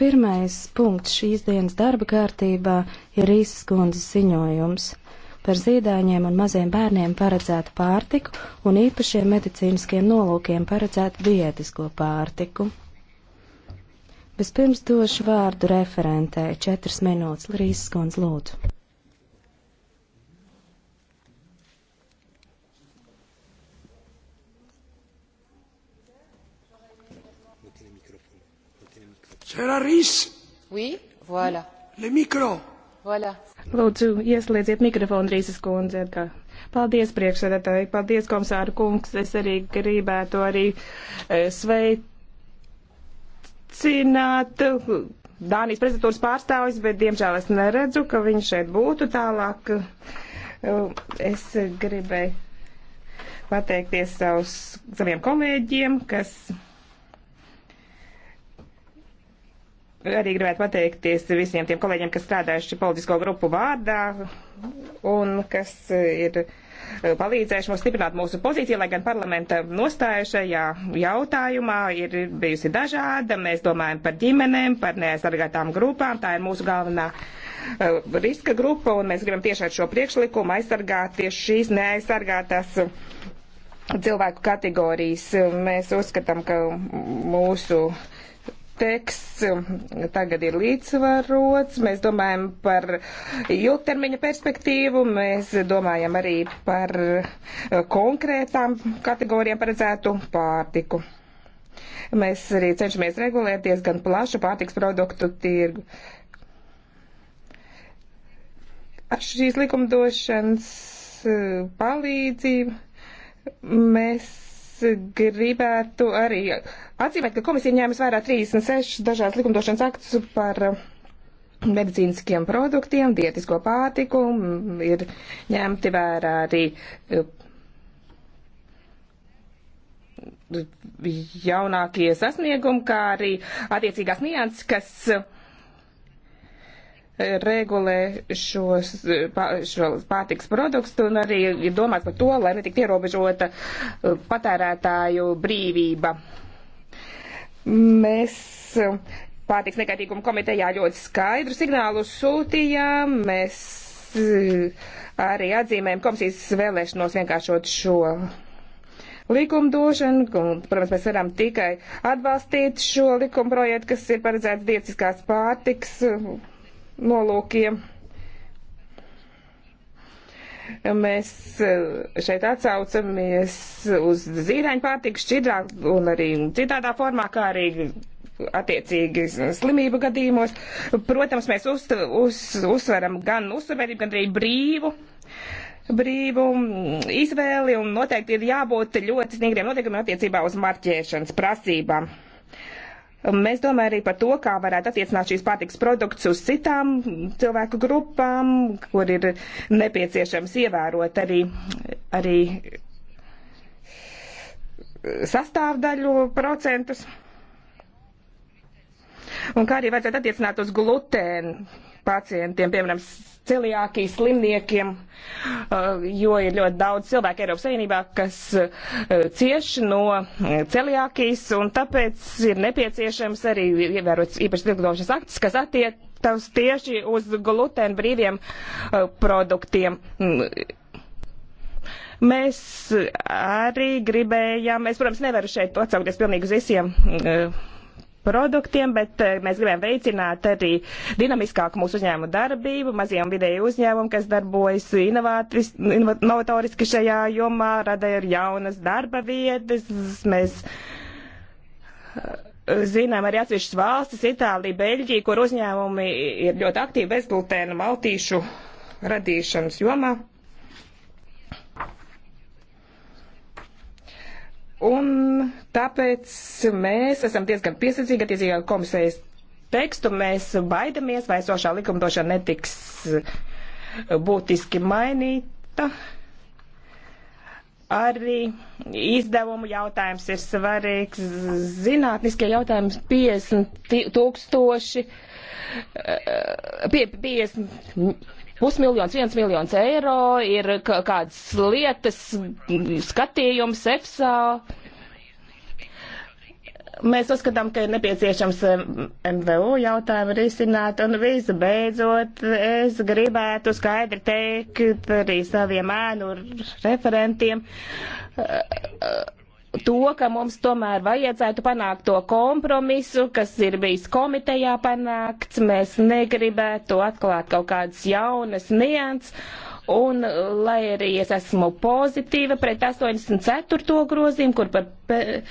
Pirmais punkts šīs dienas darba kārtībā ir īsas kundzes ziņojums par zīdaiņiem un maziem bērniem paredzētu pārtiku un īpašiem medicīniskiem nolūkiem paredzētu diētisko pārtiku. Vispirms došu vārdu referentē četras minūtes, Rīsas kundz lūdzu. Sēra Rīs! Oui, voilà. Le mikro! Voilà. Lūdzu, ieslēdziet mikrofonu Rīsas kundze. Kā. Paldies, priekšsēdētāji, paldies, komisāra kungs. Es arī gribētu arī e, sveicināt uh, Dānijas prezidentūras pārstāvis, bet diemžēl es neredzu, ka viņš šeit būtu tālāk. Uh, es gribēju pateikties savus, saviem kolēģiem, kas arī gribētu pateikties visiem tiem kolēģiem, kas strādājuši politisko grupu vārdā un kas ir eh, palīdzējuši mums stiprināt mūsu pozīciju, lai gan parlamenta nostāja šajā jautājumā ir bijusi dažāda. Mēs domājam par ģimenēm, par neaizsargātām grupām. Tā ir mūsu galvenā uh, riska grupa, un mēs gribam tieši ar šo priekšlikumu aizsargāt tieši šīs neaizsargātās cilvēku kategorijas. Mēs uzskatām, ka mūsu uh, teksts um, tagad ir līdzsvarots. Mēs domājam par ilgtermiņa perspektīvu, mēs domājam arī par uh, konkrētām kategorijām paredzētu pārtiku. Mēs arī cenšamies regulēt diezgan plašu pārtiks produktu tirgu. Ar šīs likumdošanas uh, palīdzību mēs gribētu arī atzīmēt, ka komisija ņēmis vērā 36 dažādas likumdošanas aktus par medicīniskiem produktiem, dietisko pārtiku, ir ņemti vērā arī e, jaunākie sasniegumi, kā arī attiecīgās nianses, kas regulē šos, šos pārtiks produktus un arī ir domāts par to, lai netiktu ierobežota uh, patērētāju brīvība. Mēs uh, pārtiks nekaitīguma komitejā ļoti skaidru signālu sūtījām. Mēs uh, arī atzīmējam komisijas vēlēšanos vienkāršot šo likumdošanu. Un, protams, mēs varam tikai atbalstīt šo likumprojektu, kas ir paredzēts dietiskās pārtiks nolūkiem. Mēs eh, šeit atsaucamies uz zīdaiņu pārtiku šķidrā un arī citādā formā, kā arī attiecīgi slimību gadījumos. Protams, mēs uz, uz, uzsveram gan uzturvērību, gan arī brīvu brīvu mm, izvēli un noteikti ir jābūt ļoti sniegriem noteikumiem attiecībā uz marķēšanas prasībām. Um, mēs domājam arī par to, kā varētu attiecināt šīs pārtikas produkts uz citām cilvēku grupām, kur ir nepieciešams ievērot arī, arī sastāvdaļu procentus. Un kā arī vajadzētu attiecināt uz glutēnu pacientiem, piemēram, celiākijas slimniekiem, uh, jo ir ļoti daudz cilvēku Eiropas Savienībā, kas uh, cieš no uh, celiākijas, un tāpēc ir nepieciešams arī ievērot īpaši likumdošanas aktus, kas attiektos tieši uz gluten brīviem produktiem. Mēs arī gribējām, es, protams, nevaru šeit atsaukties pilnīgi uz visiem uh, produktiem, bet eh, mēs gribam veicināt arī dinamiskāku mūsu uzņēmumu darbību, mazie un vidēji uzņēmumi, kas darbojas inovatoriski šajā jomā, rada ir jaunas darba vietas. Mēs eh, zinām arī atsevišķas valstis, Itālija, Beļģija, kur uzņēmumi ir ļoti aktīvi bezglutēnu maltīšu radīšanas jomā. Un Tāpēc mēs esam diezgan piesardzīgi attiecīgā komisijas tekstu. Mēs baidamies, vai sošā likumdošana netiks eh, būtiski mainīta. Arī izdevumu jautājums ir svarīgs. Zinātniskie jautājumi 50 tūkstoši, eh, pie, 50 pusmiljons, viens miljons eiro, ir kādas lietas, skatījums EFSA Mēs uzskatām, ka ir nepieciešams MVU jautājumu risināt, un visu beidzot es gribētu skaidri teikt arī saviem ēnu referentiem eh, to, ka mums tomēr vajadzētu panākt to kompromisu, kas ir bijis komitejā panākts. Mēs negribētu atklāt kaut kādas jaunas nianses Un, uh, lai arī es esmu pozitīva pret 84. grozījumu, kur par pe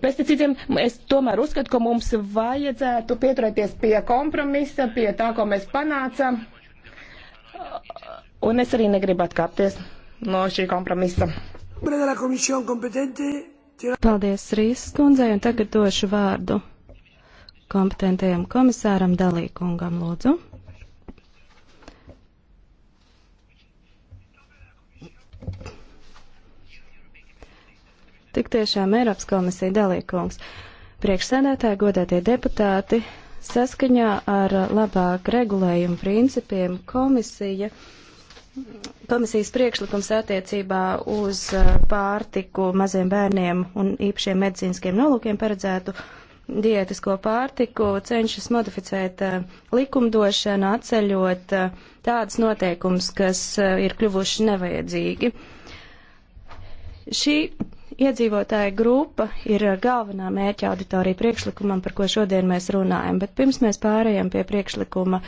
pesticīdiem, es tomēr uzskatu, ka mums vajadzētu pieturēties pie kompromisa, pie tā, ko mēs panācām. Un es arī negribu atkāpties no šī kompromisa. Paldies Rīsas kundzei, un tagad došu vārdu kompetentajam komisāram Dalīkungam, lūdzu. Tik tiešām Eiropas komisija dalīkums. Priekšsēdētāji, godētie deputāti, saskaņā ar labāk regulējumu principiem komisija, komisijas priekšlikums attiecībā uz uh, pārtiku maziem bērniem un īpašiem medicīniskiem nolūkiem paredzētu diētisko pārtiku cenšas modificēt uh, likumdošanu, atceļot uh, tādas noteikums, kas uh, ir kļuvuši nevajadzīgi. Šī Iedzīvotāja grupa ir galvenā mērķa auditorija priekšlikumam, par ko šodien mēs runājam, bet pirms mēs pārējām pie priekšlikuma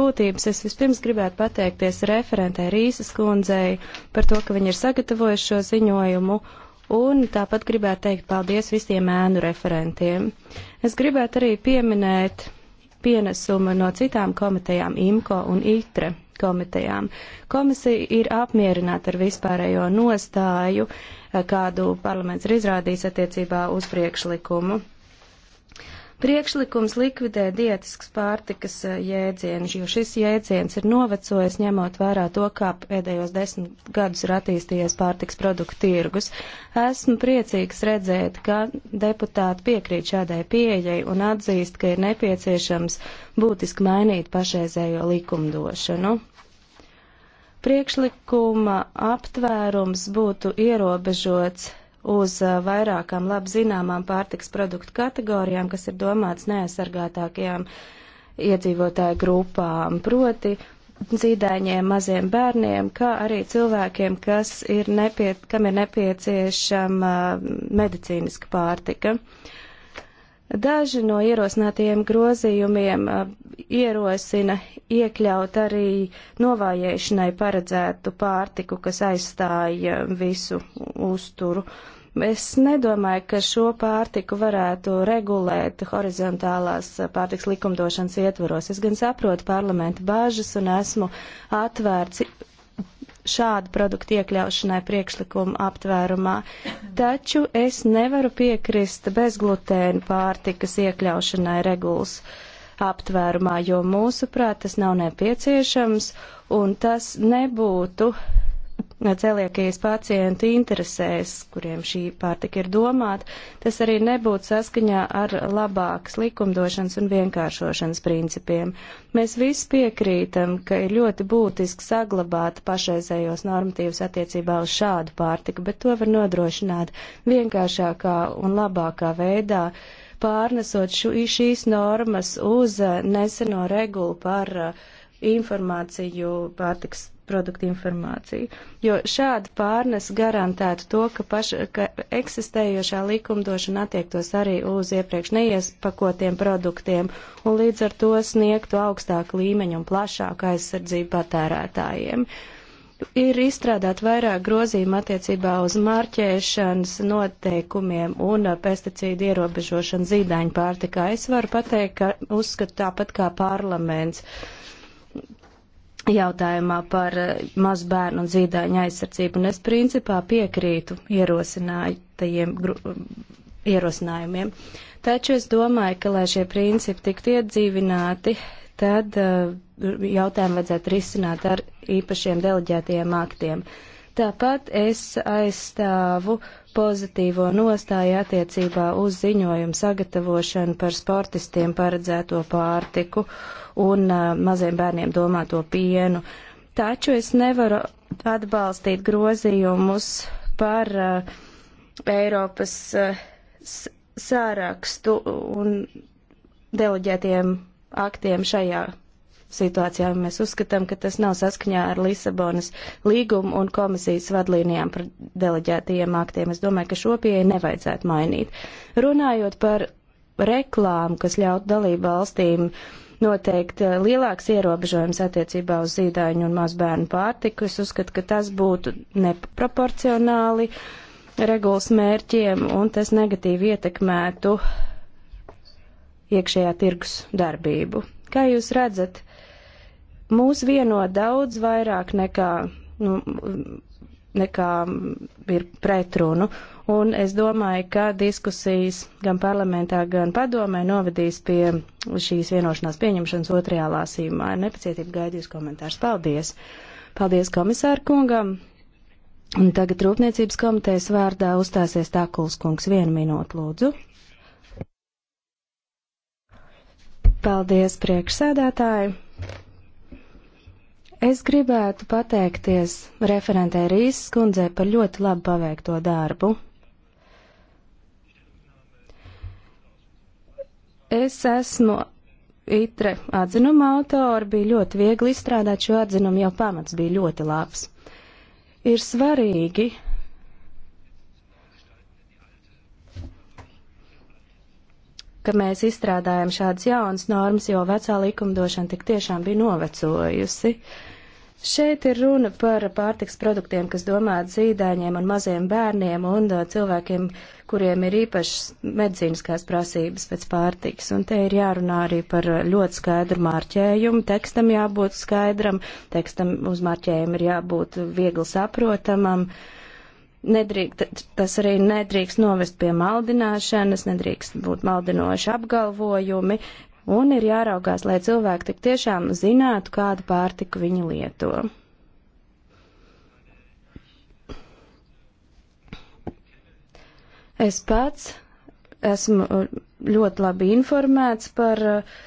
būtības, es vispirms gribētu pateikties referentē Rīsas kundzei par to, ka viņi ir sagatavojuši šo ziņojumu, un tāpat gribētu teikt paldies visiem ēnu referentiem. Es gribētu arī pieminēt pienesuma no citām komitejām IMCO un ITRE komitejām. Komisija ir apmierināta ar vispārējo nostāju, kādu parlaments ir izrādījis attiecībā uz priekšlikumu. Priekšlikums likvidē dietisks pārtikas eh, jēdziens, jo šis jēdziens ir novecojis ņemot vērā to, kā pēdējos desmit gadus ir attīstījies pārtikas produktu tirgus. Esmu priecīgs redzēt, ka deputāti piekrīt šādai pieejai un atzīst, ka ir nepieciešams būtiski mainīt pašreizējo likumdošanu. Priekšlikuma aptvērums būtu ierobežots uz eh, vairākām labi zināmām pārtiks produktu kategorijām, kas ir domāts neaizsargātākajām iedzīvotāju grupām, proti zīdaiņiem, maziem bērniem, kā arī cilvēkiem, kas ir nepie, kam ir nepieciešama eh, medicīniska pārtika. Uh, Daži no ierosinātajiem grozījumiem uh, ierosina iekļaut arī novājēšanai paredzētu pārtiku, kas aizstāja visu uzturu. Es nedomāju, ka šo pārtiku varētu regulēt horizontālās pārtiks likumdošanas ietvaros. Es gan saprotu parlamenta bāžas un esmu atvērts šādu produktu iekļaušanai priekšlikuma aptvērumā, taču es nevaru piekrist bezglutēnu pārtikas iekļaušanai regulas aptvērumā, jo mūsuprāt tas nav nepieciešams un tas nebūtu celiakijas pacientu interesēs, kuriem šī pārtika ir domāta, tas arī nebūtu saskaņā ar labākas likumdošanas un vienkāršošanas principiem. Mēs visi piekrītam, ka ir ļoti būtiski saglabāt pašreizējos normatīvus attiecībā uz šādu pārtiku, bet to var nodrošināt vienkāršākā un labākā veidā, pārnesot šu, šīs normas uz neseno regulu par uh, informāciju pārtiks produktu informāciju, jo šāda pārnes garantētu to, ka, paša, ka eksistējošā likumdošana attiektos arī uz iepriekš neiespakotiem produktiem un līdz ar to sniegtu augstāku līmeņu un plašāku aizsardzību patērētājiem. Ir izstrādāt vairāk grozījumu attiecībā uz marķēšanas noteikumiem un pesticīdu ierobežošanu zīdaiņu pārtikā. Es varu pateikt, ka uzskatu tāpat kā parlaments. Uh, jautājumā par eh, mazbērnu un zīdaiņu aizsardzību, un es principā piekrītu ierosinātajiem eh, ierosinājumiem. Taču es domāju, ka, lai šie principi tiktu iedzīvināti, tad uh, jautājumu vajadzētu risināt ar īpašiem deleģētajiem aktiem. Tāpat es aizstāvu pozitīvo nostāju attiecībā uz ziņojumu sagatavošanu par sportistiem paredzēto pārtiku. Uh, un uh, maziem bērniem domāto pienu. Taču es nevaru atbalstīt grozījumus par uh, Eiropas uh, sārakstu un deleģētiem aktiem šajā situācijā. Mēs uzskatām, ka tas nav saskaņā ar Lisabonas līgumu un komisijas vadlīnijām par deleģētajiem aktiem. Es domāju, ka šo pieeju nevajadzētu mainīt. Runājot par reklāmu, kas ļautu dalību valstīm uh, noteikti eh, lielāks ierobežojums attiecībā uz zīdaiņu un mazbērnu pārtiku. Es uzskatu, ka tas būtu neproporcionāli regulas mērķiem un tas negatīvi ietekmētu iekšējā tirgus darbību. Kā jūs redzat, mūs vieno daudz vairāk nekā nu, nekā ir pretrunu. Un es domāju, ka diskusijas gan parlamentā, gan padomē novedīs pie šīs vienošanās pieņemšanas otrajā lāsīmā. Ar nepacietību gaidījus komentārs. Paldies! Paldies komisāru kungam! Un tagad Rūpniecības komitejas vārdā uzstāsies Tākuls kungs. Vienu minūtu lūdzu. Paldies priekšsēdētāji! Es gribētu pateikties referentē Rīsas kundzei par ļoti labi paveikto darbu. Es esmu itre atzinuma autori, bija ļoti viegli izstrādāt šo atzinumu, jau pamats bija ļoti labs. Ir svarīgi ka mēs izstrādājam šādas jaunas normas, jo vecā likumdošana tik tiešām bija novecojusi. Uh, Šeit ir runa par pārtiks produktiem, kas domāti zīdaiņiem un maziem bērniem un uh, cilvēkiem, kuriem ir īpašas medicīniskās prasības pēc pārtiks. Un te ir jārunā arī par ļoti skaidru mārķējumu. Tekstam jābūt skaidram, tekstam uz mārķējumu ir jābūt viegli saprotamam. Nedrīkst, tas arī nedrīkst novest pie maldināšanas, nedrīkst būt maldinoši apgalvojumi, un ir jāraugās, lai cilvēki tik tiešām zinātu, kādu pārtiku viņi lieto. Es pats esmu uh, ļoti labi informēts par uh,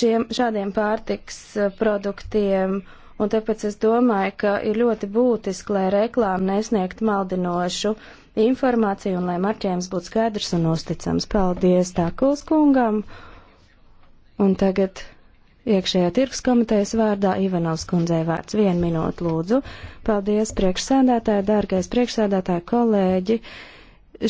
šiem, šādiem pārtiks uh, produktiem, un tāpēc es domāju, ka ir ļoti būtiski, lai reklāma nesniegt maldinošu informāciju un lai marķējums būtu skaidrs un uzticams. Paldies Tākuls kungam! Un tagad iekšējā tirgus komitejas vārdā Ivanovs kundzei vārds. Vienu minūtu lūdzu. Paldies priekšsēdētāji, dārgais priekšsēdētāji, kolēģi.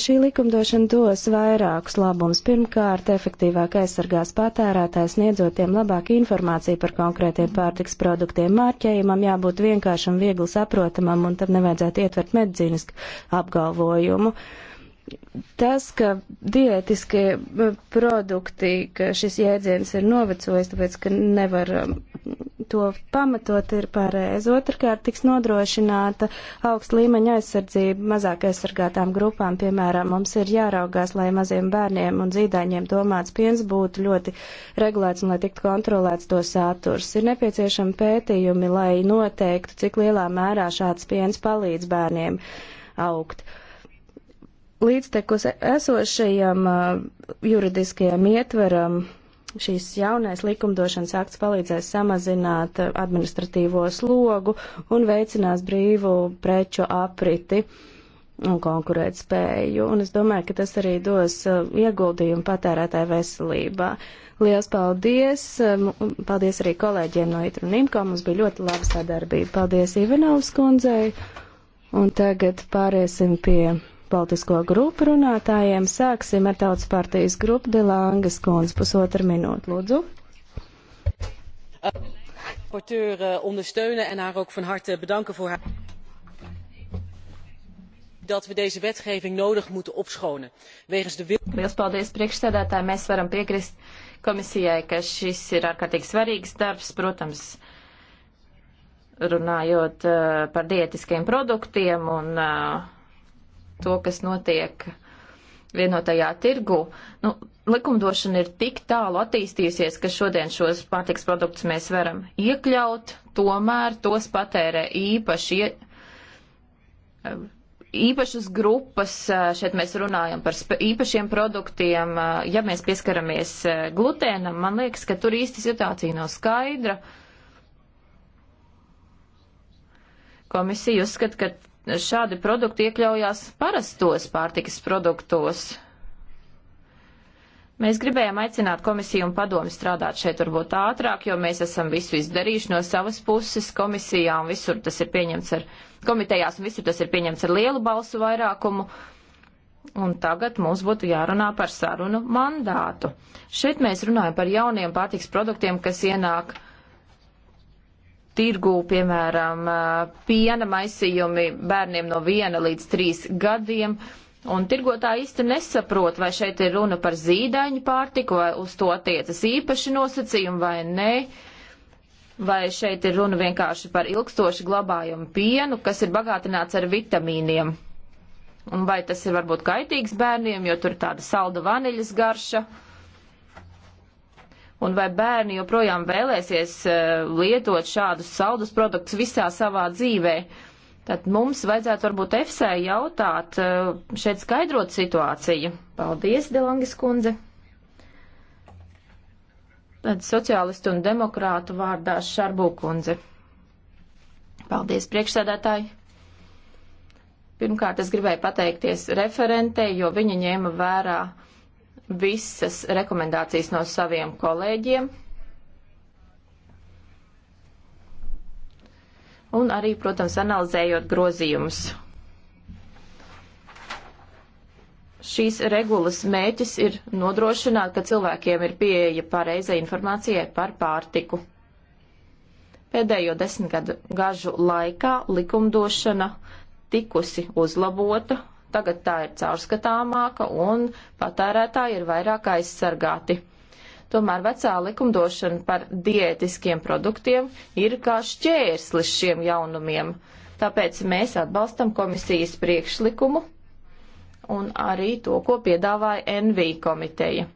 Šī likumdošana dos vairākus labumus. Pirmkārt, efektīvāk aizsargās patērētājs, sniedzot tiem labāku informāciju par konkrētiem pārtiks produktiem. Mārķējumam jābūt vienkāršam, viegli saprotamam, un tam nevajadzētu ietvert medicīnisku apgalvojumu. Uh, tas, ka diētiskie eh, produkti, ka šis jēdziens ir novecojis, tāpēc, ka nevar um, to pamatot, ir pareizi. Otrkārt, tiks nodrošināta augsta līmeņa aizsardzība mazāk aizsargātām grupām. Piemēram, mums ir jāraugās, lai maziem bērniem un zīdaiņiem domāts piens būtu ļoti regulēts un lai tiktu kontrolēts to saturs. Ir nepieciešami pētījumi, lai noteiktu, cik lielā mērā šāds piens palīdz bērniem augt. Uh, līdztekus esošajam uh, juridiskajam ietveram šīs jaunais likumdošanas akts palīdzēs samazināt uh, administratīvo slogu un veicinās brīvu preču apriti un konkurēt spēju. Un es domāju, ka tas arī dos uh, ieguldījumu patērētāju veselībā. Liels paldies! Um, paldies arī kolēģiem no Itru un Imko. Mums bija ļoti laba sadarbība. Paldies Ivanovs kundzei. Un tagad pāriesim pie politisko grupu runātājiem. Sāksim ar tautas partijas grupu Delāngas kundz pusotru minūtu, lūdzu. Rapporteur eh, ondersteunen en haar ook van harte bedanken voor haar dat we deze wetgeving nodig moeten opschonen. Wegens de wil. Liels paldies priekšsēdētāji, mēs varam piekrist komisijai, ka šis ir ārkārtīgi svarīgs darbs, protams, runājot uh, par dietiskiem produktiem un uh, to, kas notiek vienotajā tirgu. Nu, likumdošana ir tik tālu attīstījusies, ka šodien šos pārtiks produktus mēs varam iekļaut, tomēr tos patērē īpaši. Īpašas grupas, šeit mēs runājam par īpašiem produktiem, ja mēs pieskaramies glutēnam, man liekas, ka tur īsti situācija nav skaidra. Komisija uzskata, ka šādi produkti iekļaujās parastos pārtikas produktos. Mēs gribējām aicināt komisiju un padomi strādāt šeit varbūt ātrāk, jo mēs esam visu izdarījuši no savas puses komisijā un visur tas ir pieņemts ar komitejās un visur tas ir pieņemts ar lielu balsu vairākumu. Un tagad mums būtu jārunā par sarunu mandātu. Šeit mēs runājam par jauniem pārtiks produktiem, kas ienāk tirgū, piemēram, piena maisījumi bērniem no viena līdz trīs gadiem. Un tirgotāji īsti nesaprot, vai šeit ir runa par zīdaiņu pārtiku, vai uz to attiecas īpaši nosacījumi vai nē, vai šeit ir runa vienkārši par ilgstoši glabājumu pienu, kas ir bagātināts ar vitamīniem. Un vai tas ir varbūt kaitīgs bērniem, jo tur ir tāda salda vaniļas garša. Uh, un vai bērni joprojām vēlēsies eh, lietot šādus saldus produktus visā savā dzīvē. Tad mums vajadzētu varbūt EFSA jautāt, eh, šeit skaidrot situāciju. Paldies, Delangis kundze. Tad sociālistu un demokrātu vārdā Šarbu kundze. Paldies, priekšsēdētāji. Pirmkārt, es gribēju pateikties referentei, jo viņa ņēma vērā uh, visas rekomendācijas no saviem kolēģiem. Un arī, protams, analizējot grozījumus. Šīs regulas mēķis ir nodrošināt, ka cilvēkiem ir pieeja pareizai informācijai par pārtiku. Pēdējo desmit gadu gažu laikā likumdošana tikusi uzlabota Tagad tā ir caurskatāmāka un patērētāji ir vairāk aizsargāti. Tomēr vecā likumdošana par diētiskiem produktiem ir kā šķērslis šiem jaunumiem. Tāpēc mēs atbalstam komisijas priekšlikumu un arī to, ko piedāvāja NV komiteja.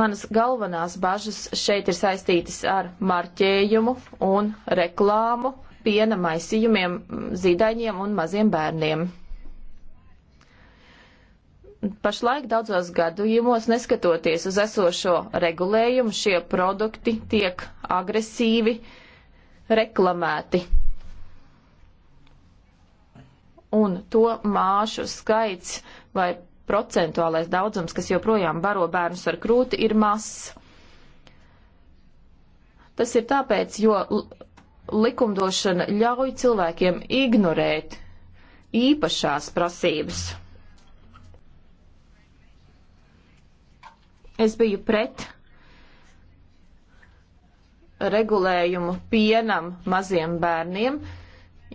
Manas galvenās bažas šeit ir saistītas ar marķējumu un reklāmu piena maisījumiem, zīdaiņiem un maziem bērniem. Pašlaik daudzos gadījumos, neskatoties uz esošo regulējumu, šie produkti tiek agresīvi reklamēti. Un to māšu skaits vai procentuālais daudzums, kas joprojām baro bērnus ar krūti, ir mazs. Tas ir tāpēc, jo likumdošana ļauj cilvēkiem ignorēt īpašās prasības. Es biju pret regulējumu pienam maziem bērniem,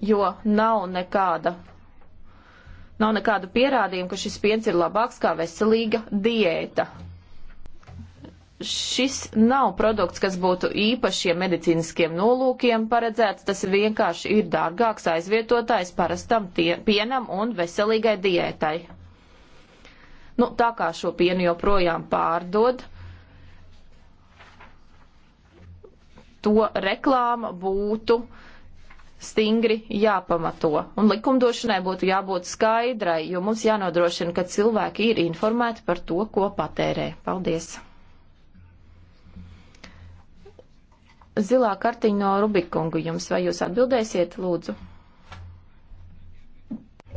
jo nav nekāda, nav nekāda pierādījuma, ka šis piens ir labāks kā veselīga diēta. Šis nav produkts, kas būtu īpašiem medicīniskiem nolūkiem paredzēts, tas vienkārši ir dārgāks aizvietotājs parastam tie, pienam un veselīgai diētai. Nu, tā kā šo pienu joprojām pārdod, to reklāma būtu stingri jāpamato. Un likumdošanai būtu jābūt skaidrai, jo mums jānodrošina, ka cilvēki ir informēti par to, ko patērē. Paldies! Zilā kartiņa no Rubikungu jums, vai jūs atbildēsiet, lūdzu?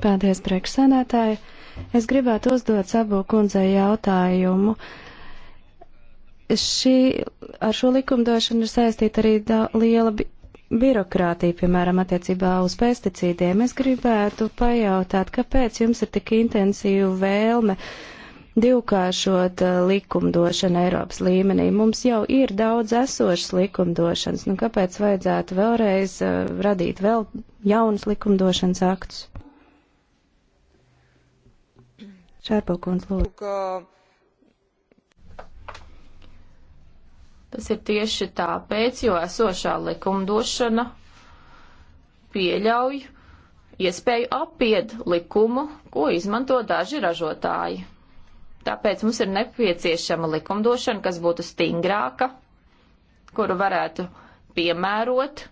Paldies, priekšsēdētāji! Es gribētu uzdot Sabū kundzei jautājumu. Šī, ar šo likumdošanu ir saistīta arī da, liela bi birokrātija, piemēram, attiecībā uz pesticīdiem. Es gribētu pajautāt, kāpēc jums ir tik intensīva vēlme divkāršot eh, likumdošanu Eiropas līmenī. Mums jau ir daudz esošas likumdošanas, nu kāpēc vajadzētu vēlreiz uh, radīt vēl jaunus likumdošanas aktus? Šērpaukundz, lūdzu. Tas ir tieši tāpēc, jo esošā likumdošana pieļauj iespēju apied likumu, ko izmanto daži ražotāji. Tāpēc mums ir nepieciešama likumdošana, kas būtu stingrāka, kuru varētu piemērot,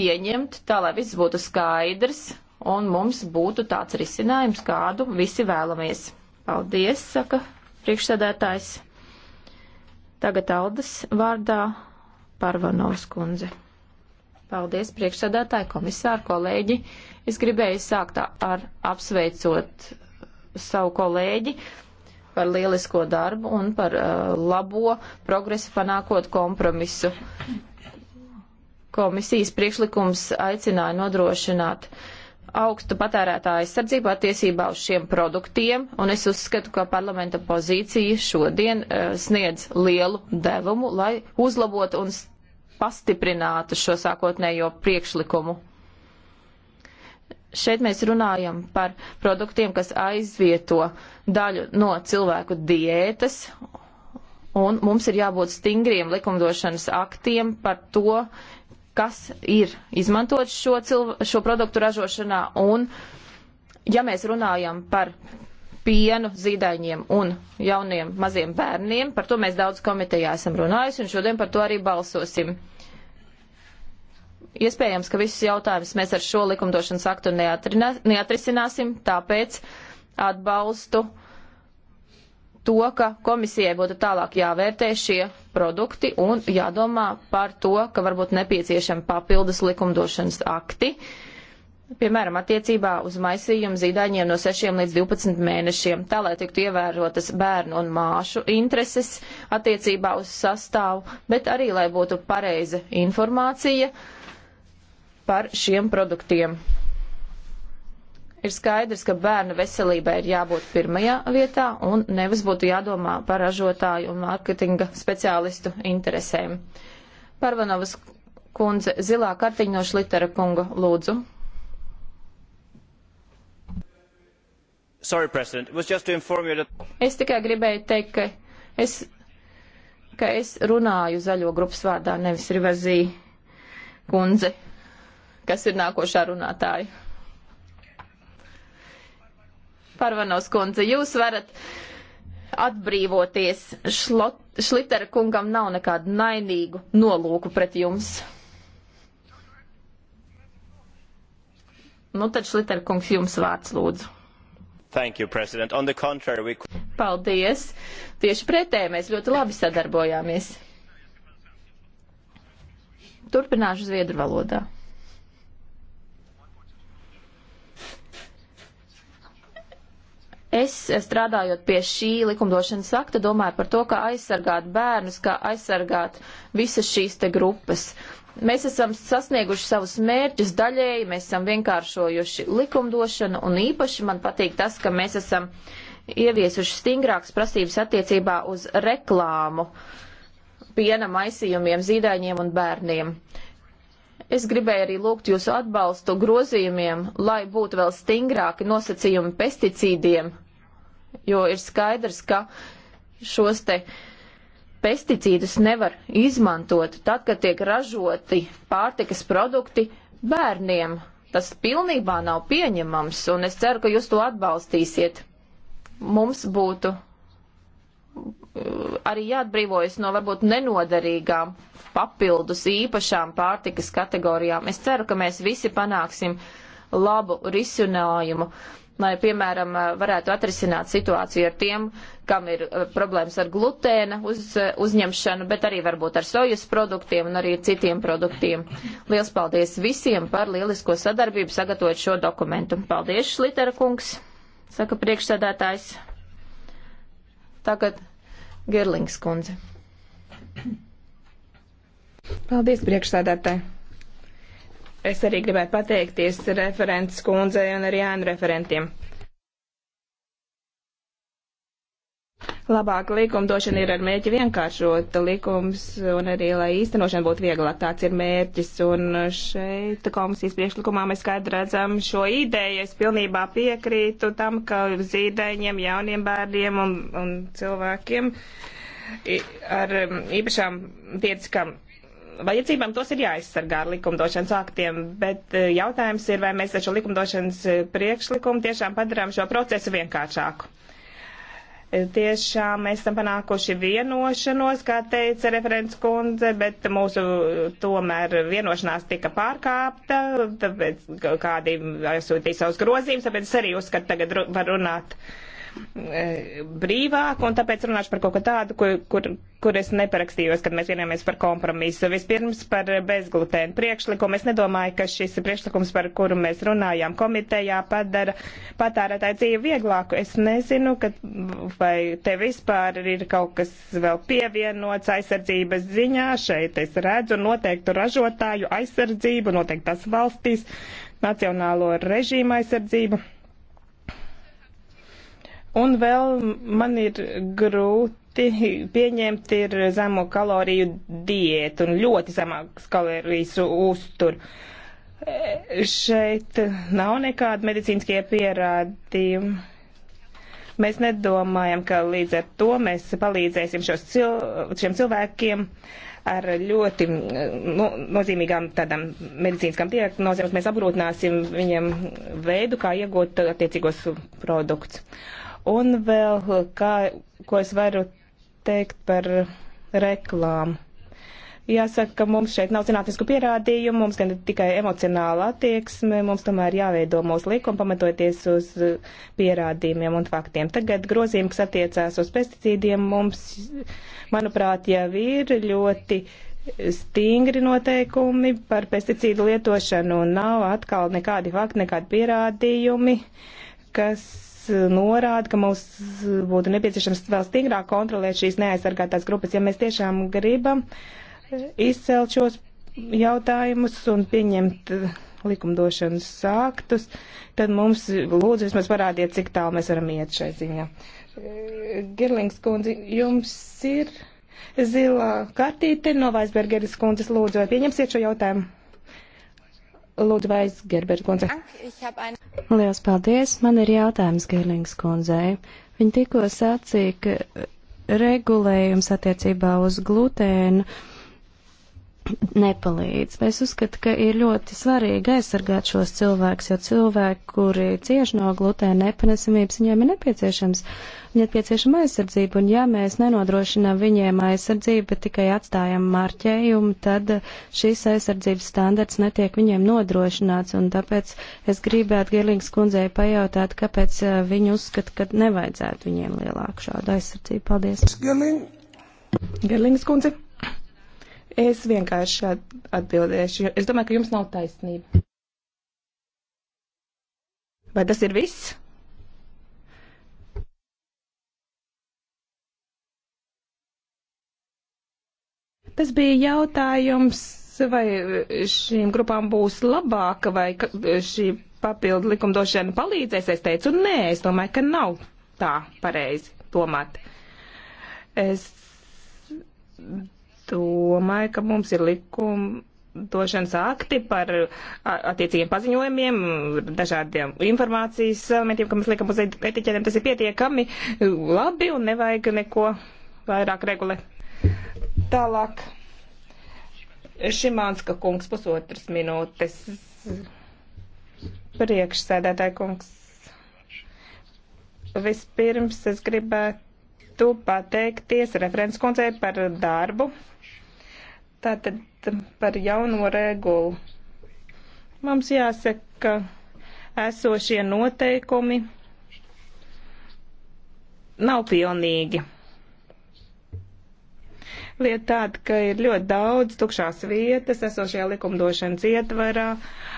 pieņemt, tā lai viss būtu skaidrs, un mums būtu tāds risinājums, kādu visi vēlamies. Paldies, saka priekšsēdētājs. Tagad Aldas vārdā Parvanovs kundze. Paldies, priekšsēdētāji, komisāri, kolēģi. Es gribēju sākt ar apsveicot savu kolēģi par lielisko darbu un par uh, labo progresu panākot kompromisu. Komisijas priekšlikums aicināja nodrošināt uh, augstu patērētāju aizsardzību attiecībā uz šiem produktiem, un es uzskatu, ka parlamenta pozīcija šodien uh, sniedz lielu devumu, lai uzlabotu un pastiprinātu šo sākotnējo priekšlikumu. Šeit mēs runājam par produktiem, kas aizvieto daļu no cilvēku diētas, un mums ir jābūt stingriem likumdošanas aktiem par to, uh, kas ir izmantots šo, cilv, šo produktu ražošanā. Un, ja mēs runājam par pienu zīdaiņiem un jauniem maziem bērniem, par to mēs daudz komitejā esam runājuši un šodien par to arī balsosim. Iespējams, ka visus jautājumus mēs ar šo likumdošanas aktu neatrisināsim, tāpēc atbalstu uh, to, ka komisijai būtu tālāk jāvērtē šie produkti un jādomā par to, ka varbūt nepieciešami papildus likumdošanas akti, piemēram, attiecībā uz maisījumu zīdaiņiem no 6 līdz 12 mēnešiem, tā lai tiktu ievērotas bērnu un māšu intereses attiecībā uz sastāvu, bet arī lai būtu pareiza informācija par šiem produktiem. Ir skaidrs, ka bērnu veselībai ir jābūt pirmajā vietā un nevis būtu jādomā par ražotāju un mārketinga speciālistu interesēm. Parvanovas kundze, zilā kartiņa no Šlitera kunga, lūdzu. Sorry, that... Es tikai gribēju teikt, ka es, ka es runāju zaļo grupas vārdā, nevis Rivazī kundze, kas ir nākošā runātāja. Parvanovs kundze, jūs varat atbrīvoties. Šlot, šlitera kungam nav nekādu naidīgu nolūku pret jums. Nu tad šlitera kungs jums vārds lūdzu. Thank you, President. On the contrary, we... Paldies. Tieši pretēji mēs ļoti labi sadarbojāmies. Turpināšu zviedru valodā. Es eh, strādājot pie šī likumdošanas akta, domāju par to, kā aizsargāt bērnus, kā aizsargāt visas šīs te grupas. Mēs esam sasnieguši savus mērķus daļēji, mēs esam vienkāršojuši likumdošanu un īpaši man patīk tas, ka mēs esam ieviesuši stingrākas prasības attiecībā uz reklāmu piena maisījumiem, zīdaiņiem un bērniem. Es gribēju arī lūgt jūsu atbalstu grozījumiem, lai būtu vēl stingrāki nosacījumi pesticīdiem jo ir skaidrs, ka šos te pesticīdus nevar izmantot tad, kad tiek ražoti pārtikas produkti bērniem. Tas pilnībā nav pieņemams, un es ceru, ka jūs to atbalstīsiet. Mums būtu uh, arī jāatbrīvojas no varbūt nenoderīgām papildus īpašām pārtikas kategorijām. Es ceru, ka mēs visi panāksim labu risinājumu lai, piemēram, varētu atrisināt situāciju ar tiem, kam ir problēmas ar glutēna uz, uzņemšanu, bet arī varbūt ar sojas produktiem un arī citiem produktiem. Liels paldies visiem par lielisko sadarbību sagatavot šo dokumentu. Paldies, Šlitera kungs, saka priekšsēdētājs. Tagad Gerlings kundze. Paldies, priekšsēdētāji. Es arī gribētu pateikties referents kundzei un arī ēnu referentiem. Labāka likumdošana ir ar mērķi vienkāršot likums un arī, lai īstenošana būtu vieglāk, tāds ir mērķis. Un šeit komisijas priekšlikumā mēs skaidri redzam šo ideju. Es pilnībā piekrītu tam, ka zīdaiņiem, jauniem bērniem un, un cilvēkiem ar um, īpašām tieciskām vajadzībām tos ir jāaizsargā ar likumdošanas aktiem, bet eh, jautājums ir, vai mēs ar šo likumdošanas eh, priekšlikumu tiešām padarām šo procesu vienkāršāku. Eh, tiešām mēs esam panākuši vienošanos, kā teica referents kundze, bet mūsu tomēr vienošanās tika pārkāpta, tāpēc kādi aizsūtīja savus grozījumus, tāpēc es arī uzskatu, tagad var runāt. Uh, E, brīvāk, un tāpēc runāšu par kaut ko tādu, kur, kur, kur es neparakstījos, kad mēs vienojāmies par kompromisu. Vispirms par bezglutēnu priekšlikumu. Es nedomāju, ka šis priekšlikums, par kuru mēs runājām komitejā, padara patērētāju dzīvi vieglāku. Es nezinu, ka, vai te vispār ir kaut kas vēl pievienots aizsardzības ziņā. Šeit es redzu noteiktu ražotāju aizsardzību, noteiktās valstīs, nacionālo režīmu aizsardzību Un vēl man ir grūti pieņemt ir zemo kaloriju diētu un ļoti zemākas kalorijas uzturu. E, šeit nav nekāda medicīniskie pierādījumi. Mēs nedomājam, ka līdz ar to mēs palīdzēsim šos cil šiem cilvēkiem ar ļoti no, nu, nozīmīgām tādām medicīniskām diagnozēm. Mēs apgrūtināsim viņiem veidu, kā iegūt attiecīgos produktus. Uh, Un vēl, kā, ko es varu teikt par reklāmu. Jāsaka, ka mums šeit nav zinātnisku pierādījumu, mums gan ir tikai emocionāla attieksme, mums tomēr jāveido mūsu likuma pamatoties uz pierādījumiem un faktiem. Tagad grozījumi, kas attiecās uz pesticīdiem, mums, manuprāt, jau ir ļoti stingri noteikumi par pesticīdu lietošanu un nav atkal nekādi fakti, nekādi pierādījumi, kas norāda, ka mums būtu nepieciešams vēl stingrāk kontrolēt šīs neaizsargātās grupas, ja mēs tiešām gribam izcelt šos jautājumus un pieņemt likumdošanas aktus, tad mums lūdzu vismaz parādiet, cik tālu mēs varam iet šai ziņā. Girlings kundze, jums ir zilā kartīte no Vaisbergeris kundzes lūdzu, vai pieņemsiet šo jautājumu? Lūdzu, Vais Gerber kundze. Lielas paldies. Man ir jautājums Gerlings kundzei. Viņa tikko sacīja, ka regulējums attiecībā uz glutēnu nepalīdz. Es uzskatu, ka ir ļoti svarīgi aizsargāt šos cilvēkus, jo cilvēki, kuri cieši no glutēna nepanesamības, viņiem ir nepieciešams, nepieciešama aizsardzība, un ja mēs nenodrošinām viņiem aizsardzību, bet tikai atstājam marķējumu, tad šīs aizsardzības standarts netiek viņiem nodrošināts, un tāpēc es gribētu Gerlings kundzei pajautāt, kāpēc eh, viņi uzskata, ka nevajadzētu viņiem lielāku šādu aizsardzību. Paldies! Gerling. Gerlings kundze! Es vienkārši atbildēšu. Es domāju, ka jums nav taisnība. Vai tas ir viss? Tas bija jautājums, vai šīm grupām būs labāka, vai šī papildu likumdošana palīdzēs. Es teicu, nē, es domāju, ka nav tā pareizi domāt. Es domāju, ka mums ir likumdošanas akti par attiecīgiem paziņojumiem, dažādiem informācijas elementiem, ka mēs liekam uz etiķetēm. Tas ir pietiekami labi un nevajag neko vairāk regulēt. Tālāk. Šimānska kungs pusotras minūtes. Priekšsēdētāja kungs. Vispirms es gribētu pateikties referents kundzei par darbu. Tātad par jauno regulu. Mums jāsaka, esošie noteikumi nav pilnīgi. Lieta tāda, ka ir ļoti daudz tukšās vietas esošajā likumdošanas ietvarā, uh,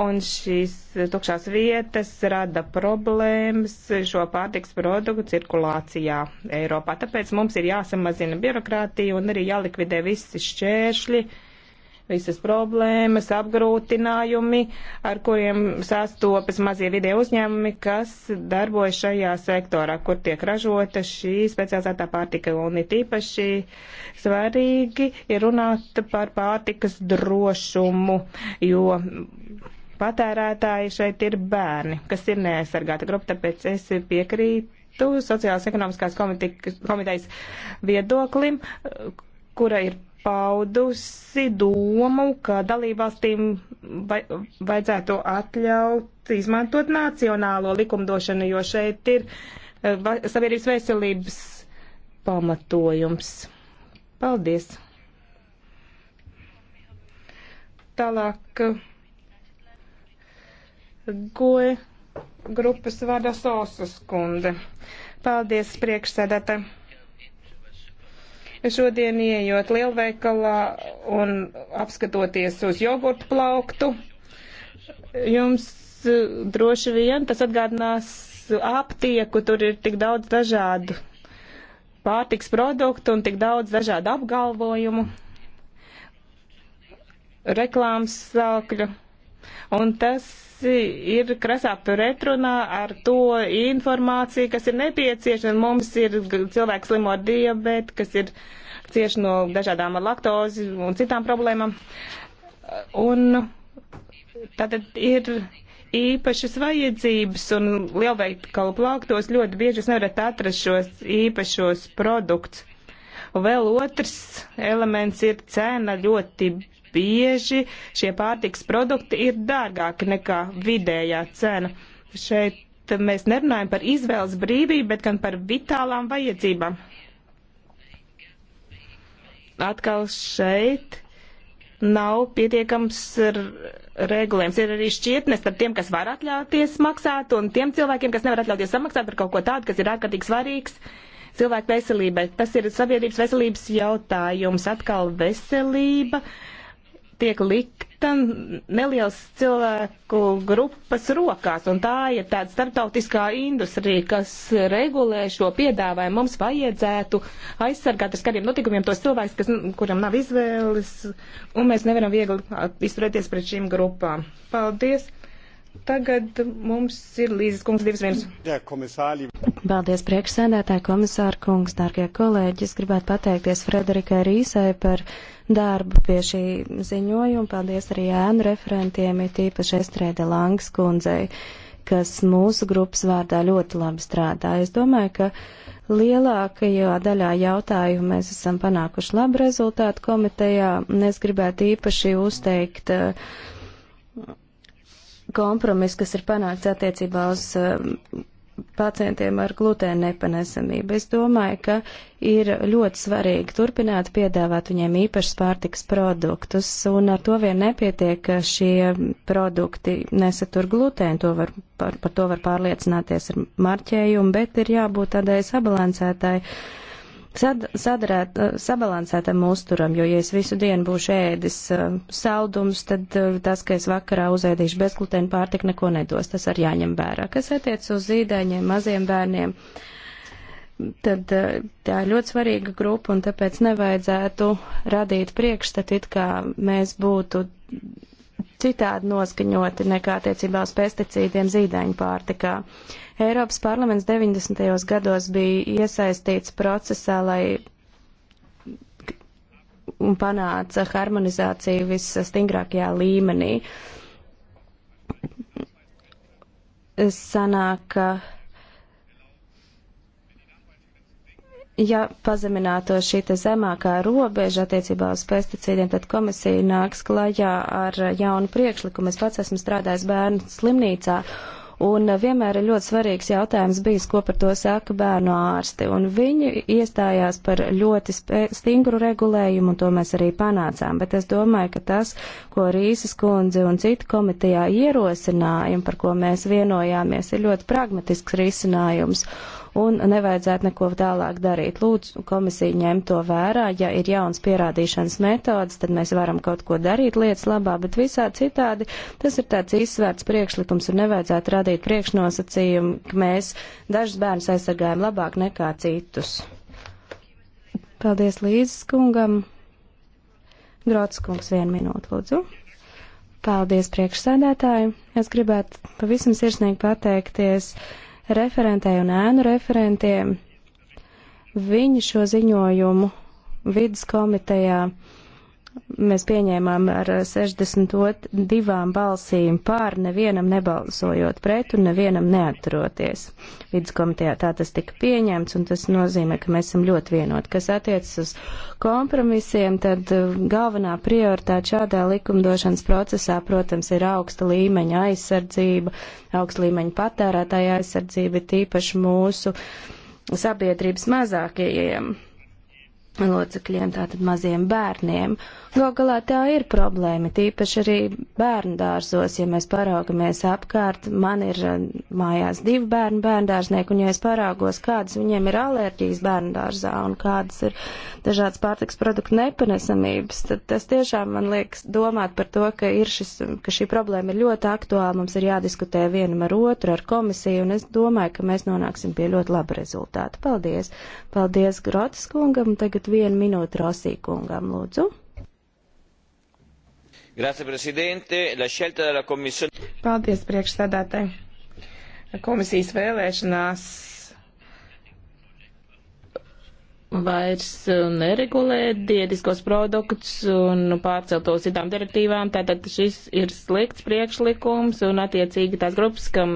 un šīs tukšās vietas rada problēmas šo pārtiks produktu cirkulācijā Eiropā. Tāpēc mums ir jāsamazina birokrātija un arī jālikvidē visi šķēršļi, uh, visas problēmas, apgrūtinājumi, ar kuriem sastopas mazie vidē uzņēmumi, kas darbojas šajā sektorā, kur tiek ražota šī specializētā pārtika. Un it īpaši svarīgi ir runāt par pārtikas drošumu, jo patērētāji šeit ir bērni, kas ir neaizsargāta grupa, tāpēc es piekrītu sociālās ekonomiskās komitejas viedoklim, kura ir paudusi domu, ka dalībvalstīm vajadzētu atļaut izmantot nacionālo likumdošanu, jo šeit ir eh, sabiedrības veselības pamatojums. Paldies! Tālāk eh, goja grupas vada Sosas kunde. Paldies priekšsēdētāji! Šodien ieejot lielveikalā un apskatoties uz jogurtu plauktu, jums eh, droši vien tas atgādinās aptieku, tur ir tik daudz dažādu pārtiks produktu un tik daudz dažādu apgalvojumu, reklāmas sākļu. Un tas ir krasā pretrunā ar to informāciju, kas ir nepieciešama. Mums ir cilvēki slimo ar diabetu, kas ir cieši no dažādām laktozi un citām problēmām. Un tātad ir īpašas vajadzības un lielveikalu plauktos ļoti bieži jūs nevarat atrast šos īpašos produktus. Vēl otrs elements ir cena ļoti bieži šie pārtiks produkti ir dārgāki nekā vidējā cena. Šeit mēs nerunājam par izvēles brīvību, bet gan par vitālām vajadzībām. Atkal šeit nav pietiekams regulējums. Ir arī šķietnes starp tiem, kas var atļauties maksāt, un tiem cilvēkiem, kas nevar atļauties samaksāt par kaut ko tādu, kas ir ārkārtīgi svarīgs cilvēku veselībai. Tas ir sabiedrības veselības jautājums. Atkal veselība tiek likta nelielas cilvēku grupas rokās, un tā ir tāda starptautiskā industrija, kas regulē šo piedāvājumu. Mums vajadzētu aizsargāt ar skariem notikumiem tos cilvēkus, kas, kuram nav izvēles, un mēs nevaram viegli izturēties pret šīm grupām. Paldies! Tagad mums ir līdzes kungs divas vienas. Paldies priekšsēdētāji, komisāra kungs, dārgie kolēģi. Es gribētu pateikties Frederikai Rīsai par darbu pie šī ziņojuma. Paldies arī ēnu referentiem, ir tīpaši Estrēda Langs kundzei, kas mūsu grupas vārdā ļoti labi strādā. Es domāju, ka lielākajā daļā jautājumu mēs esam panākuši labu rezultātu komitejā. Es gribētu īpaši uzteikt uh, kompromiss, kas ir panākts attiecībā uz um, pacientiem ar glutēnu nepanesamību. Es domāju, ka ir ļoti svarīgi turpināt piedāvāt viņiem īpašas pārtikas produktus, un ar to vien nepietiek, ka šie produkti nesatur glutēnu, to var, par, par to var pārliecināties ar marķējumu, bet ir jābūt tādai sabalansētai uh, sad, sadarēt, eh, sabalansētam uzturam, jo, ja es visu dienu būšu ēdis eh, saldums, tad eh, tas, ka es vakarā uzēdīšu bezglutēnu pārtiku, neko nedos. Tas arī jāņem vērā. Kas attiec uz zīdaiņiem, maziem bērniem, tad tā ir ļoti svarīga grupa, un tāpēc nevajadzētu radīt priekšstatu, it kā mēs būtu citādi noskaņoti nekā attiecībā uz pesticīdiem zīdaiņu pārtikā. Eiropas parlaments 90. gados bija iesaistīts procesā, lai un panāca harmonizāciju visstingrākajā līmenī. Sanāk, ka ja pazemināto šī te zemākā robeža attiecībā uz pesticīdiem, tad komisija nāks klajā ar jaunu priekšlikumu. Es pats esmu strādājis bērnu slimnīcā. Un vienmēr ir ļoti svarīgs jautājums bijis, ko par to saka bērnu ārsti. Un viņi iestājās par ļoti stingru regulējumu, un to mēs arī panācām. Bet es domāju, ka tas, ko Rīsas kundze un citi komitejā ierosināja un par ko mēs vienojāmies, ir ļoti pragmatisks risinājums un nevajadzētu neko tālāk darīt. Lūdzu, komisija ņem to vērā. Ja ir jauns pierādīšanas metodas, tad mēs varam kaut ko darīt lietas labā, bet visā citādi tas ir tāds izsvērts priekšlikums un nevajadzētu radīt priekšnosacījumu, ka mēs dažus bērnus aizsargājam labāk nekā citus. Paldies Līzes kungam. Grots kungs, vienu minūtu, lūdzu. Paldies priekšsēdētāju. Es gribētu pavisam sirsnīgi pateikties referentē un ēnu referentiem. Viņi šo ziņojumu vidas komitejā mēs pieņēmām ar 62 balsīm pār, nevienam nebalsojot pret un nevienam neaturoties. Vidskomitejā tā tas tika pieņemts, un tas nozīmē, ka mēs esam ļoti vienoti. Kas attiecas uz kompromisiem, tad uh, galvenā prioritāte šādā likumdošanas procesā, protams, ir augsta līmeņa aizsardzība, augsta līmeņa patērētāja aizsardzība, tīpaši mūsu sabiedrības mazākajiem. Ja locekļiem, tātad maziem bērniem. Gal galā tā ir problēma, tīpaši arī bērnu dārzos, ja mēs paraugamies apkārt, man ir eh, mājās divi bērnu bērndārznieki, un ja es paraugos, kādas viņiem ir alerģijas bērnu dārzā un kādas ir dažādas pārtiks produktu nepanesamības, tad tas tiešām man liekas domāt par to, ka, ir šis, ka šī problēma ir ļoti aktuāla, mums ir jādiskutē vienam ar otru, ar komisiju, un es domāju, ka mēs nonāksim pie ļoti laba rezultāta. Paldies! Paldies Grotas kungam! Tagad Tagad vienu minūtu Rosīkungam, lūdzu. Paldies, priekšsēdētāji. Komisijas vēlēšanās vairs uh, neregulē dietiskos produktus un pārcelt to citām direktīvām. Tātad šis ir slikts priekšlikums un attiecīgi tās grupas, kam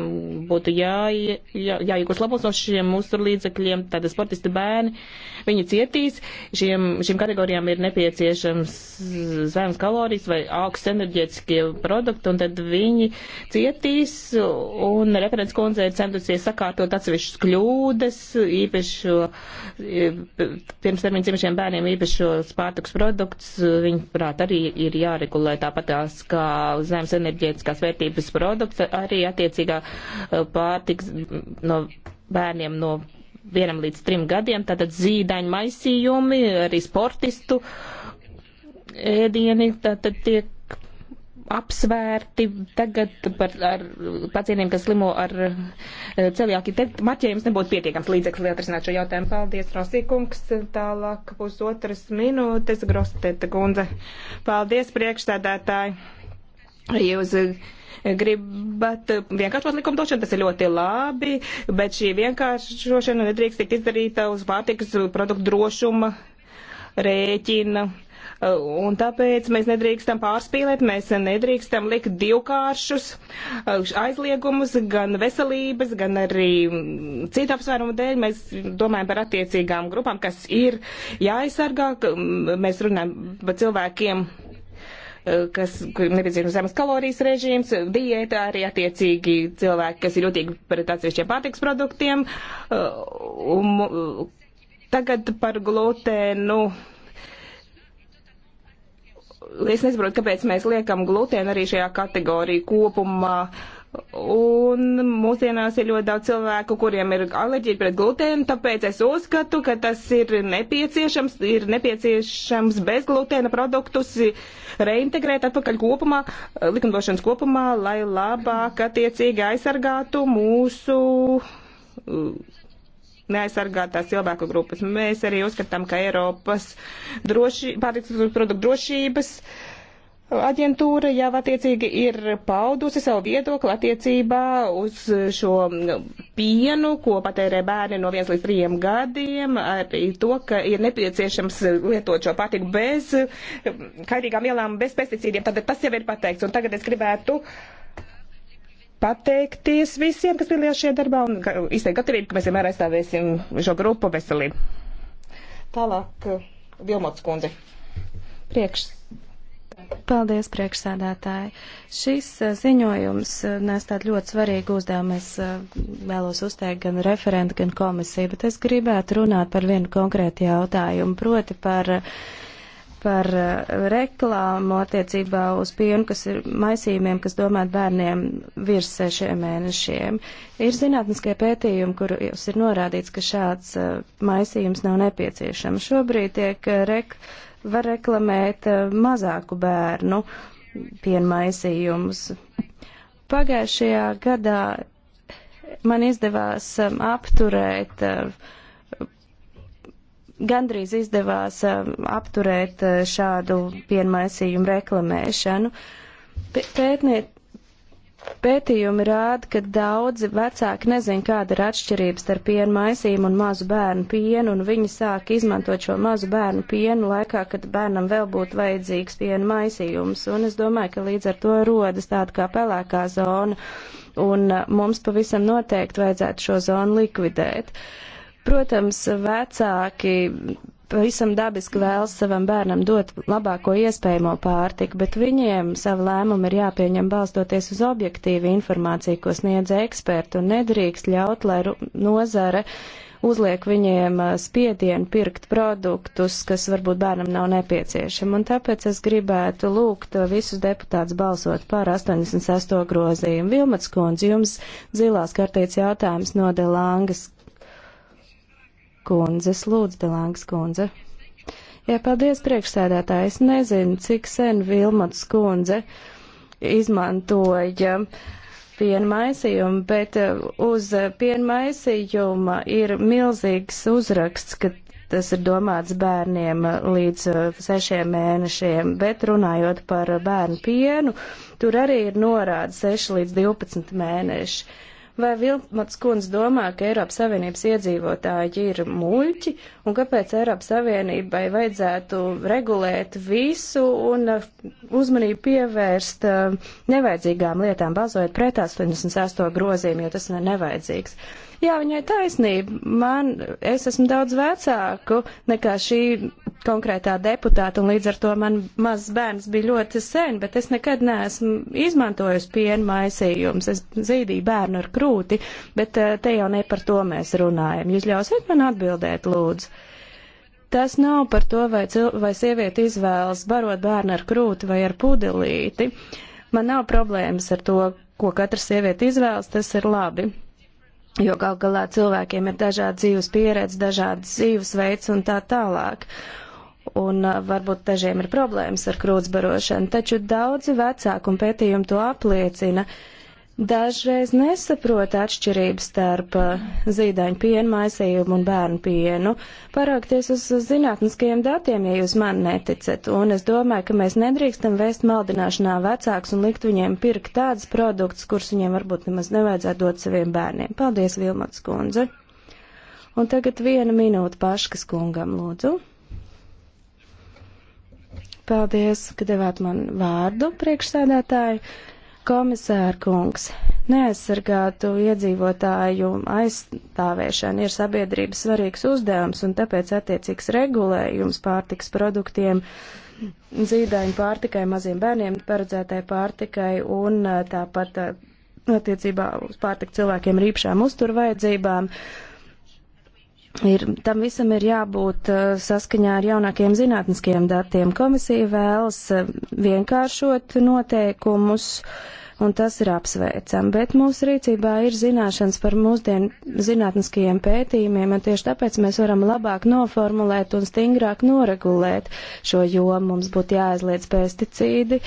būtu jāie, jā, jāiegūst labums no šiem uztur līdzekļiem, tātad sportisti bērni, viņi cietīs. Šiem, šiem kategorijām ir nepieciešams zemes kalorijas vai augsts enerģētiskie produkti un tad viņi cietīs un referents kundze ir centusies sakārtot atsevišķas kļūdas, īpaši e, pirms termiņa dzimšiem bērniem īpašos pārtiks produkts, viņi, prāt, arī ir jāregulē tāpatās kā zemes enerģētiskās vērtības produkts, arī attiecīgā eh, pārtiks no bērniem no vienam līdz trim gadiem, tātad zīdaņu maisījumi, arī sportistu eh, ēdieni, tātad tiek apsvērti tagad par ar pacientiem, kas slimo ar eh, celiāki. Te maķējums nebūtu pietiekams līdzeklis, lai atrisināt šo jautājumu. Paldies, Rosīkungs. Tālāk pusotras minūtes, Grosteta kundze. Paldies, priekšstādātāji. Jūs eh, gribat vienkāršot likumdošanu, tas ir ļoti labi, bet šī vienkāršošana nedrīkst tikt izdarīta uz pārtikas produktu drošuma rēķina. Un tāpēc mēs nedrīkstam pārspīlēt, mēs nedrīkstam likt divkāršus uh, aizliegumus gan veselības, gan arī mm, citu apsvērumu dēļ. Mēs domājam par attiecīgām grupām, kas ir jāaizsargā. Mm, mēs runājam par cilvēkiem uh, kas nepieciešams zemes kalorijas režīms, diēta arī attiecīgi cilvēki, kas ir jūtīgi pret atsevišķiem pārtiks produktiem. Uh, un tagad par glutēnu. Nu, es nesaprotu, kāpēc mēs liekam glutēnu arī šajā kategorijā kopumā. Un mūsdienās ir ļoti daudz cilvēku, kuriem ir alerģija pret glutēnu, tāpēc es uzskatu, ka tas ir nepieciešams, ir nepieciešams bezglutēna produktus reintegrēt atpakaļ kopumā, likumdošanas kopumā, lai labāk attiecīgi aizsargātu mūsu neaizsargātās cilvēku grupas. Mēs arī uzskatām, ka Eiropas droši, pārtiks produktu drošības aģentūra jau attiecīgi ir paudusi savu viedokli attiecībā uz šo pienu, ko patērē bērni no 1 līdz 3 gadiem, arī to, ka ir nepieciešams lietot šo patiku bez kaitīgām vielām, bez pesticīdiem. Tad tas jau ir pateikts. Un tagad es gribētu pateikties visiem, kas piedalījās šajā darbā, un izteikt gatavību, ka mēs vienmēr aizstāvēsim šo grupu veselību. Tālāk, eh, Vilmots kundze. Priekš. Paldies, priekšsēdētāji. Šis eh, ziņojums eh, nes tādu ļoti svarīgu uzdevumu. Es vēlos uzteikt gan referentu, gan komisiju, bet es gribētu runāt par vienu konkrētu jautājumu, proti par uh, par eh, reklāmu attiecībā uz pienu, kas ir maisījumiem, kas domāt bērniem virs sešiem mēnešiem. Ir zinātniskie pētījumi, kuros ir norādīts, ka šāds eh, maisījums nav nepieciešams. Šobrīd tiek eh, rek, var reklamēt mazāku bērnu pienu maisījumus. Pagājušajā gadā man izdevās apturēt uh, gandrīz izdevās eh, apturēt eh, šādu pienmaisījumu reklamēšanu. Pētniet, pētījumi rāda, ka daudzi vecāki nezin, kāda ir atšķirība starp pienmaisījumu un mazu bērnu pienu, un viņi sāk izmantot šo mazu bērnu pienu laikā, kad bērnam vēl būtu vajadzīgs pienmaisījums. Un es domāju, ka līdz ar to rodas tāda kā pelēkā zona, un eh, mums pavisam noteikti vajadzētu šo zonu likvidēt. Uh, Protams, vecāki pavisam dabiski vēlas savam bērnam dot labāko iespējamo pārtiku, bet viņiem savu lēmumu ir jāpieņem balstoties uz objektīvu informāciju, ko sniedz eksperti, un nedrīkst ļaut, lai nozare uzliek viņiem spiedienu pirkt produktus, kas varbūt bērnam nav nepieciešami. Un tāpēc es gribētu lūgt visus deputātus balsot par 88. grozījumu. Vilmats Kundze, jums zilās kartītes jautājums no Delangas kundzes. Lūdzu, Delāngas kundze. Jā, paldies priekšsēdētāji. Es nezinu, cik sen Vilmats kundze izmantoja piena maisījumu, bet uh, uz piena maisījuma ir milzīgs uzraksts, ka tas ir domāts bērniem uh, līdz uh, sešiem mēnešiem, bet runājot par bērnu pienu, tur arī ir norāda 6 līdz 12 mēneši. Vai Vilmats kundze domā, ka Eiropas Savienības iedzīvotāji ir muļķi, un kāpēc Eiropas Savienībai vajadzētu regulēt visu un uh, uzmanību pievērst uh, nevajadzīgām lietām, bazojot pret 88 grozījumu, jo tas ir nevajadzīgs? Jā, viņai taisnība. Man, es esmu daudz vecāku nekā šī konkrētā deputāta, un līdz ar to man mazs bērns bija ļoti sen, bet es nekad neesmu izmantojusi piena maisījums. Es zīdīju bērnu ar krūti, bet eh, te jau ne par to mēs runājam. Jūs ļausiet man atbildēt, lūdzu. Tas nav par to, vai, cil... vai sieviete izvēlas barot bērnu ar krūti vai ar pudelīti. Man nav problēmas ar to, ko katra sieviete izvēlas, tas ir labi. Jo gal galā cilvēkiem ir dažāda dzīves pieredze, dažādas dzīves veids un tā tālāk un uh, varbūt dažiem ir problēmas ar krūtsbarošanu, taču daudzi vecāki un pētījumi to apliecina. Dažreiz nesaprot atšķirību starp uh, zīdaiņu pienu maisījumu un bērnu pienu. Paraugties uz zinātniskajiem datiem, ja jūs man neticat, un es domāju, ka mēs nedrīkstam vēst maldināšanā vecāks un likt viņiem pirkt tādas produktus, kurus viņiem varbūt nemaz nevajadzētu dot saviem bērniem. Paldies, Vilmats kundze! Un tagad viena minūte paškas kungam, lūdzu. Paldies, ka devāt man vārdu, priekšsēdētāji. Komisāra kungs, neaizsargātu iedzīvotāju aizstāvēšana ir sabiedrības svarīgs uzdevums, un tāpēc attiecīgs regulējums pārtiks produktiem zīdaiņu pārtikai, maziem bērniem paredzētai pārtikai un uh, tāpat uh, attiecībā uz pārtiku cilvēkiem ar īpašām uzturvajadzībām ir, tam visam ir jābūt eh, saskaņā ar jaunākiem zinātniskiem datiem. Komisija vēlas eh, vienkāršot noteikumus, un tas ir apsveicam, bet mūsu rīcībā ir zināšanas par mūsdienu zinātniskajiem pētījumiem, un tieši tāpēc mēs varam labāk noformulēt un stingrāk noregulēt šo jomu. Mums būtu jāaizliedz pesticīdi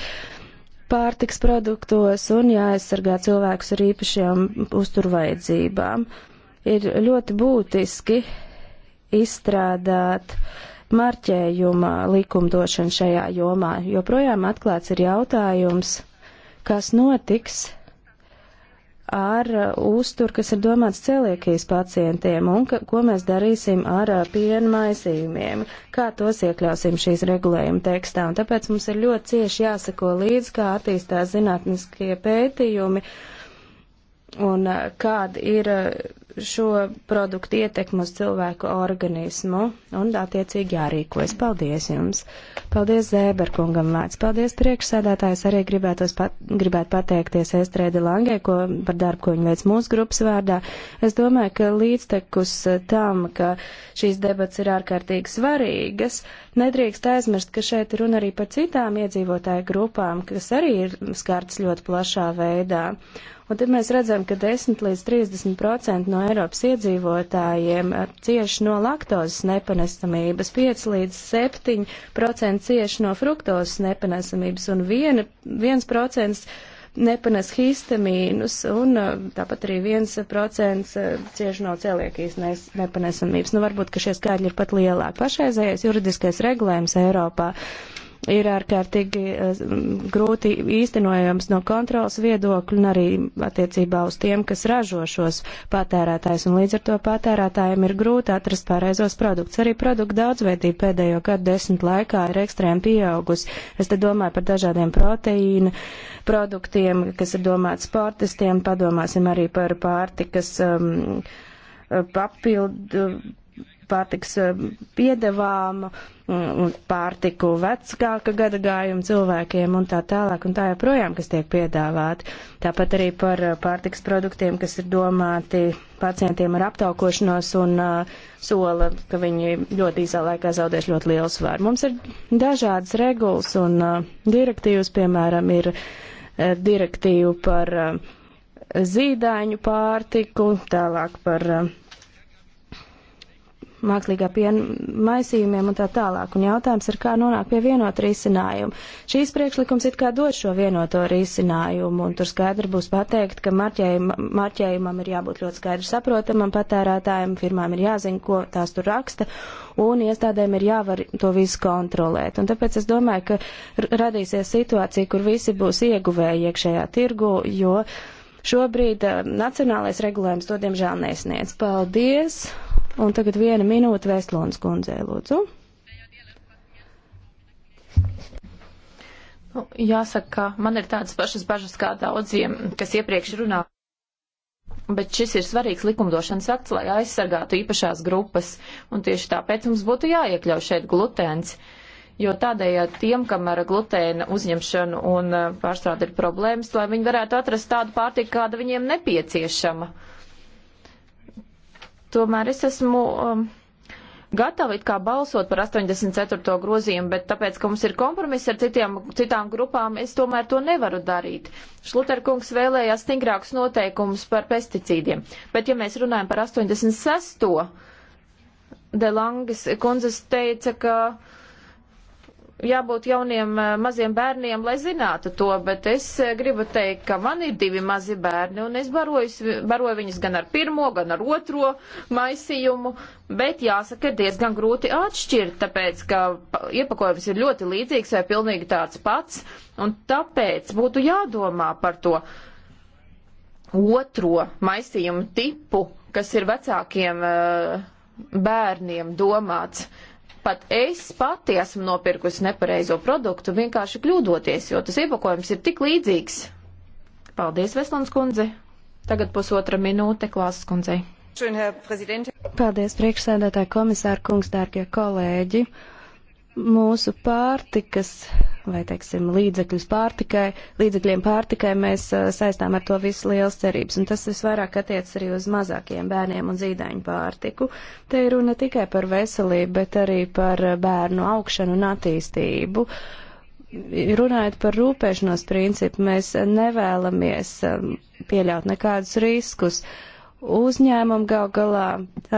pārtiks produktos un jāaizsargā cilvēkus ar īpašajām uzturvajadzībām. Uh, ir ļoti būtiski izstrādāt marķējuma likumdošanu šajā jomā. Joprojām atklāts ir jautājums, kas notiks ar uzturu, kas ir domāts celiekijas pacientiem un ka, ko mēs darīsim ar piena maisījumiem, kā tos iekļausim šīs regulējuma tekstā. Un tāpēc mums ir ļoti cieši jāsako līdz, kā attīstās zinātniskie pētījumi un kāda ir šo produktu ietekmu uz cilvēku organismu un attiecīgi jārīkojas. Paldies jums! Paldies Zēberkungam vārds! Paldies priekšsēdētājs! Arī gribētos pat, gribētu pateikties Estrēdi Langē ko, par darbu, ko viņa veic mūsu grupas vārdā. Es domāju, ka līdztekus tam, ka šīs debats ir ārkārtīgi svarīgas, nedrīkst aizmirst, ka šeit runa arī par citām iedzīvotāju grupām, kas arī ir skarts ļoti plašā veidā. Un tad mēs redzam, ka 10 līdz 30% no Eiropas iedzīvotājiem eh, cieši no laktozes nepanesamības, 5 līdz 7% cieši no fruktozes nepanesamības un 1%, 1 nepanes histamīnus, un eh, tāpat arī 1% eh, cieši no celiekijas nepanesamības. Nu, varbūt, ka šie skaitļi ir pat lielāki. Pašreizējais juridiskais regulējums Eiropā ir ārkārtīgi eh, grūti īstenojams no kontrolas viedokļa un arī attiecībā uz tiem, kas ražo šos patērētājs, un līdz ar to patērētājiem ir grūti atrast pareizos produktus. Arī produktu daudzveidība pēdējo gadu desmit laikā ir ekstrēmi pieaugusi. Es te domāju par dažādiem proteīna produktiem, kas ir domāti sportistiem, padomāsim arī par pārtikas um, papildu pārtiks eh, piedevām, mm, pārtiku vecāka gada gājuma cilvēkiem un tā tālāk un tā joprojām, kas tiek piedāvāti. Tāpat arī par eh, pārtiks produktiem, kas ir domāti pacientiem ar aptaukošanos un uh, sola, ka viņi ļoti īsā laikā zaudēs ļoti lielu svaru. Mums ir dažādas regulas un uh, direktīvas, piemēram, ir uh, direktīva par uh, zīdaiņu pārtiku, tālāk par uh, mākslīgā piena maisījumiem un tā tālāk. Un jautājums ir, kā nonāk pie vienotu risinājumu. Šīs priekšlikums it kā dod šo vienoto risinājumu, un tur skaidri būs pateikt, ka marķējuma, marķējumam ir jābūt ļoti skaidri saprotamam patērētājiem, firmām ir jāzina, ko tās tur raksta, un iestādēm ir jāvar to visu kontrolēt. Un tāpēc es domāju, ka radīsies situācija, kur visi būs ieguvēji iekšējā tirgu, jo. Uh, Šobrīd eh, nacionālais regulējums to, diemžēl, nesniedz. Paldies! Un tagad viena minūte Vēstlons kundzē, lūdzu. Nu, jāsaka, ka man ir tādas pašas bažas kā daudziem, kas iepriekš runā. Bet šis ir svarīgs likumdošanas akts, lai aizsargātu īpašās grupas, un tieši tāpēc mums būtu jāiekļauj šeit glutēns. Uh, jo tādējādi tiem, kam ar glutēna uzņemšanu un eh, pārstrādi ir problēmas, lai viņi varētu atrast tādu pārtiku, kāda viņiem nepieciešama. Tomēr es esmu um, gatava it kā balsot par 84. grozījumu, bet tāpēc, ka mums ir kompromiss ar citiem, citām grupām, es tomēr to nevaru darīt. Šluterkungs vēlējās stingrākus noteikumus par pesticīdiem, bet ja mēs runājam par 86. Delangas kundzes teica, ka jābūt jauniem eh, maziem bērniem, lai zinātu to, bet es eh, gribu teikt, ka man ir divi mazi bērni, un es baroju, baroju viņus gan ar pirmo, gan ar otro maisījumu, bet jāsaka, ir diezgan grūti atšķirt, tāpēc, ka iepakojums ir ļoti līdzīgs vai pilnīgi tāds pats, un tāpēc būtu jādomā par to otro maisījumu tipu, kas ir vecākiem eh, bērniem domāts. Uh, Pat es pati esmu nopirkusi nepareizo produktu, vienkārši kļūdoties, jo tas iepakojums ir tik līdzīgs. Paldies, Veslams kundze. Tagad pusotra minūte klāsas kundzei. Paldies, priekšsēdētāji komisāri, kungs, dārgie kolēģi. Mūsu pārtikas vai, teiksim, līdzekļus pārtikai, līdzekļiem pārtikai mēs saistām ar to visu liels cerības. Un tas visvairāk attiec arī uz mazākiem bērniem un zīdaiņu pārtiku. Te ir runa tikai par veselību, bet arī par bērnu augšanu un attīstību runājot par rūpēšanos principu, mēs nevēlamies pieļaut nekādus riskus. Uzņēmumu gal galā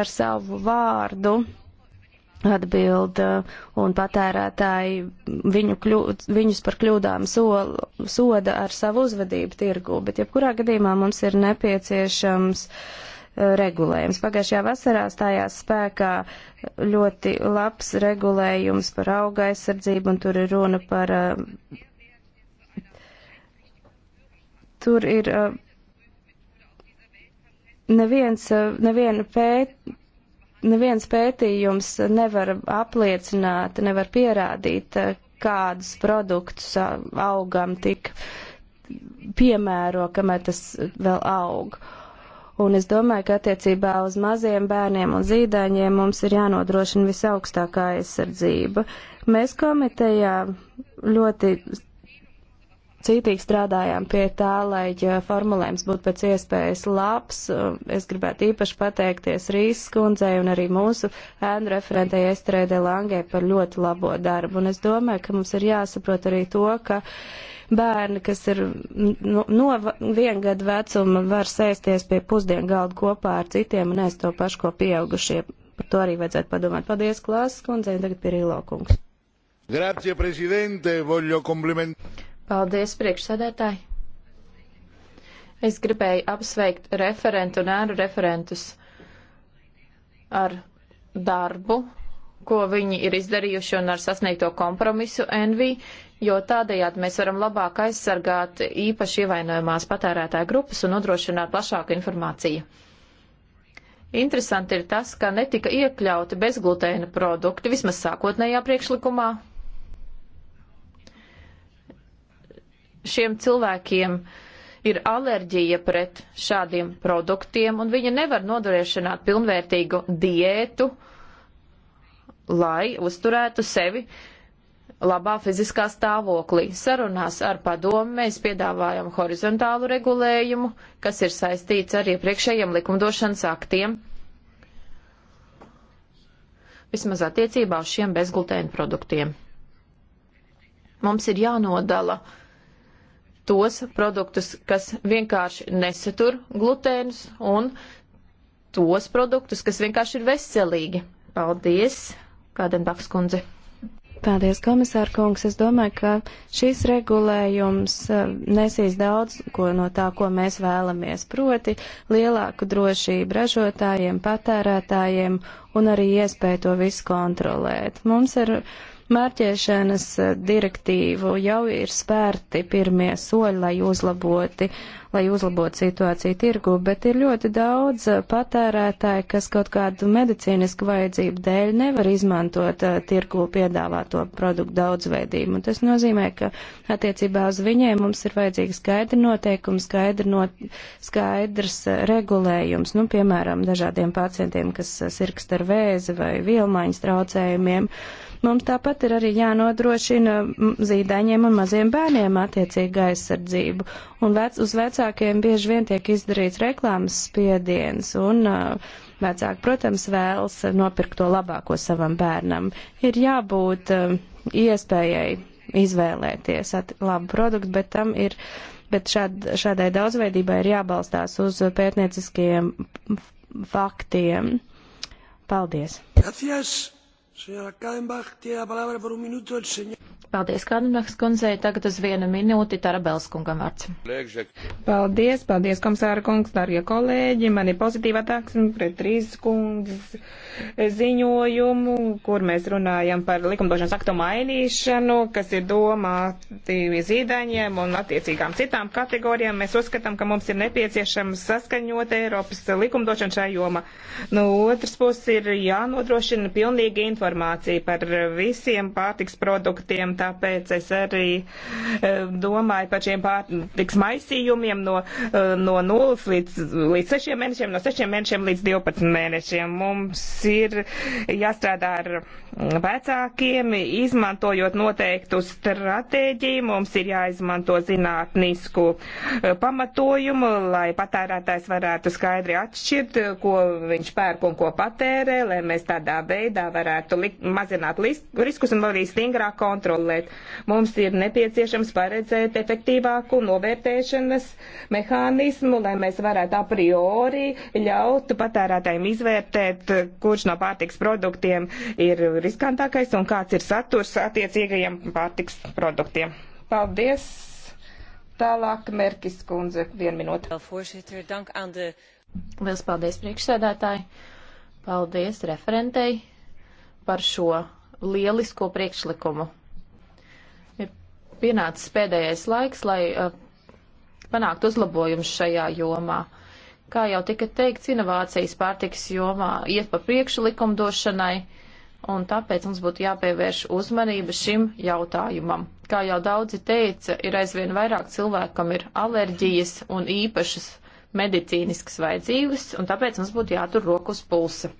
ar savu vārdu atbild un patērētāji viņu kļū, viņus par kļūdām sol, soda ar savu uzvedību tirgu, bet jebkurā gadījumā mums ir nepieciešams uh, regulējums. Pagājušajā vasarā stājās spēkā ļoti labs regulējums par auga aizsardzību un tur ir runa par. Uh, tur ir uh, neviens, neviena pēt, neviens pētījums nevar apliecināt, nevar pierādīt, eh, kādus produktus augam tik piemēro, kamēr tas vēl aug. Un es domāju, ka attiecībā uz maziem bērniem un zīdaiņiem mums ir jānodrošina visaugstākā aizsardzība. Mēs komitejā ļoti cītīgi strādājām pie tā, lai formulējums būtu pēc iespējas labs. Uh, es gribētu īpaši pateikties Rīs skundzei un arī mūsu ēnu referentei Estrēdē Langē par ļoti labo darbu. Un es domāju, ka mums ir jāsaprot arī to, ka bērni, kas ir nu, no, no viengada vecuma, var sēsties pie pusdienu galda kopā ar citiem un ēst to pašu, ko pieaugušie. Par to arī vajadzētu padomāt. Paldies, klāsas kundzei, un tagad Pirilo kungs. Grazie, prezidente, voglio komplimentēt. Paldies, priekšsēdētāji! Es gribēju apsveikt referentu un ēnu referentus ar darbu, ko viņi ir izdarījuši un ar sasniegto kompromisu NV, jo tādējādi mēs varam labāk aizsargāt īpaši ievainojumās patērētāju grupas un nodrošināt plašāku informāciju. Interesanti ir tas, ka netika iekļauti bezglutēna produkti vismaz sākotnējā priekšlikumā, šiem cilvēkiem ir alerģija pret šādiem produktiem, un viņi nevar nodrošināt pilnvērtīgu diētu, lai uzturētu sevi labā fiziskā stāvoklī. Sarunās ar padomu mēs piedāvājam horizontālu regulējumu, kas ir saistīts ar iepriekšējiem likumdošanas aktiem, vismaz attiecībā uz šiem bezglutēnu produktiem. Mums ir jānodala uh, tos produktus, kas vienkārši nesatur glutēnus un tos produktus, kas vienkārši ir veselīgi. Paldies, Kādenbaks kundze. Paldies, komisāra kungs. Es domāju, ka šīs regulējums e, nesīs daudz ko no tā, ko mēs vēlamies. Proti lielāku drošību ražotājiem, patērētājiem un arī iespēju to visu kontrolēt. Mums ir. Ar mērķēšanas eh, direktīvu jau ir spērti pirmie soļi, lai uzlaboti, lai uzlabotu situāciju tirgu, bet ir ļoti daudz eh, patērētāju, kas kaut kādu medicīnisku vajadzību dēļ nevar izmantot eh, tirgu piedāvāto produktu daudzveidību. Un tas nozīmē, ka attiecībā uz viņiem mums ir vajadzīgi skaidri noteikumi, skaidri not, skaidrs regulējums, nu, piemēram, dažādiem pacientiem, kas sirkst ar vēzi vai vielmaiņas traucējumiem. Uh, Mums tāpat ir arī jānodrošina zīdaiņiem un maziem bērniem attiecīga aizsardzību. Un vec, uz vecākiem bieži vien tiek izdarīts reklāmas spiediens, un uh, vecāki, protams, vēlas nopirkt to labāko savam bērnam. Ir jābūt uh, iespējai izvēlēties labu produktu, bet tam ir bet šād, šādai daudzveidībai ir jābalstās uz pētnieciskiem faktiem. Paldies! Gracias señora kadenbach tiene la palabra por un minuto el señor. Paldies, Kādunaks kundzei. Tagad uz vienu minūti Tarabels kungam vārds. Paldies, paldies, komisāra kungs, dārgie kolēģi. Man ir pozitīva attieksme pret trīs kungas ziņojumu, kur mēs runājam par likumdošanas aktu mainīšanu, kas ir domāti zīdaņiem un attiecīgām citām kategorijām. Mēs uzskatām, ka mums ir nepieciešams saskaņot Eiropas likumdošanu šajā jomā. No otras puses ir jānodrošina pilnīga informācija par visiem pārtiks produktiem tāpēc es arī eh, domāju par šiem pārtiks maisījumiem no, eh, no 0 līdz, līdz 6 mēnešiem, no 6 mēnešiem līdz 12 mēnešiem. Mums ir jāstrādā ar vecākiem, izmantojot noteiktu stratēģiju, mums ir jāizmanto zinātnisku eh, pamatojumu, lai patērētājs varētu skaidri atšķirt, ko viņš pērk un ko patērē, lai mēs tādā veidā varētu li mazināt riskus un arī stingrāk kontrolēt kontrolēt. Mums ir nepieciešams paredzēt efektīvāku novērtēšanas mehānismu, lai mēs varētu a priori ļaut patērētājiem izvērtēt, kurš no pārtiks produktiem ir riskantākais un kāds ir saturs attiecīgajiem pārtiks produktiem. Paldies! Tālāk Merkis kundze, vienu minūti. Liels paldies priekšsēdētāji, paldies referentei par šo lielisko priekšlikumu pienācis pēdējais laiks, lai eh, panākt uzlabojumus šajā jomā. Kā jau tika teikts, inovācijas pārtiks jomā iet pa priekšu likumdošanai, un tāpēc mums būtu jāpievērš uzmanība šim jautājumam. Kā jau daudzi teica, ir aizvien vairāk cilvēkam ir alerģijas un īpašas medicīniskas vajadzības, un tāpēc mums būtu jātur rokas pulsa.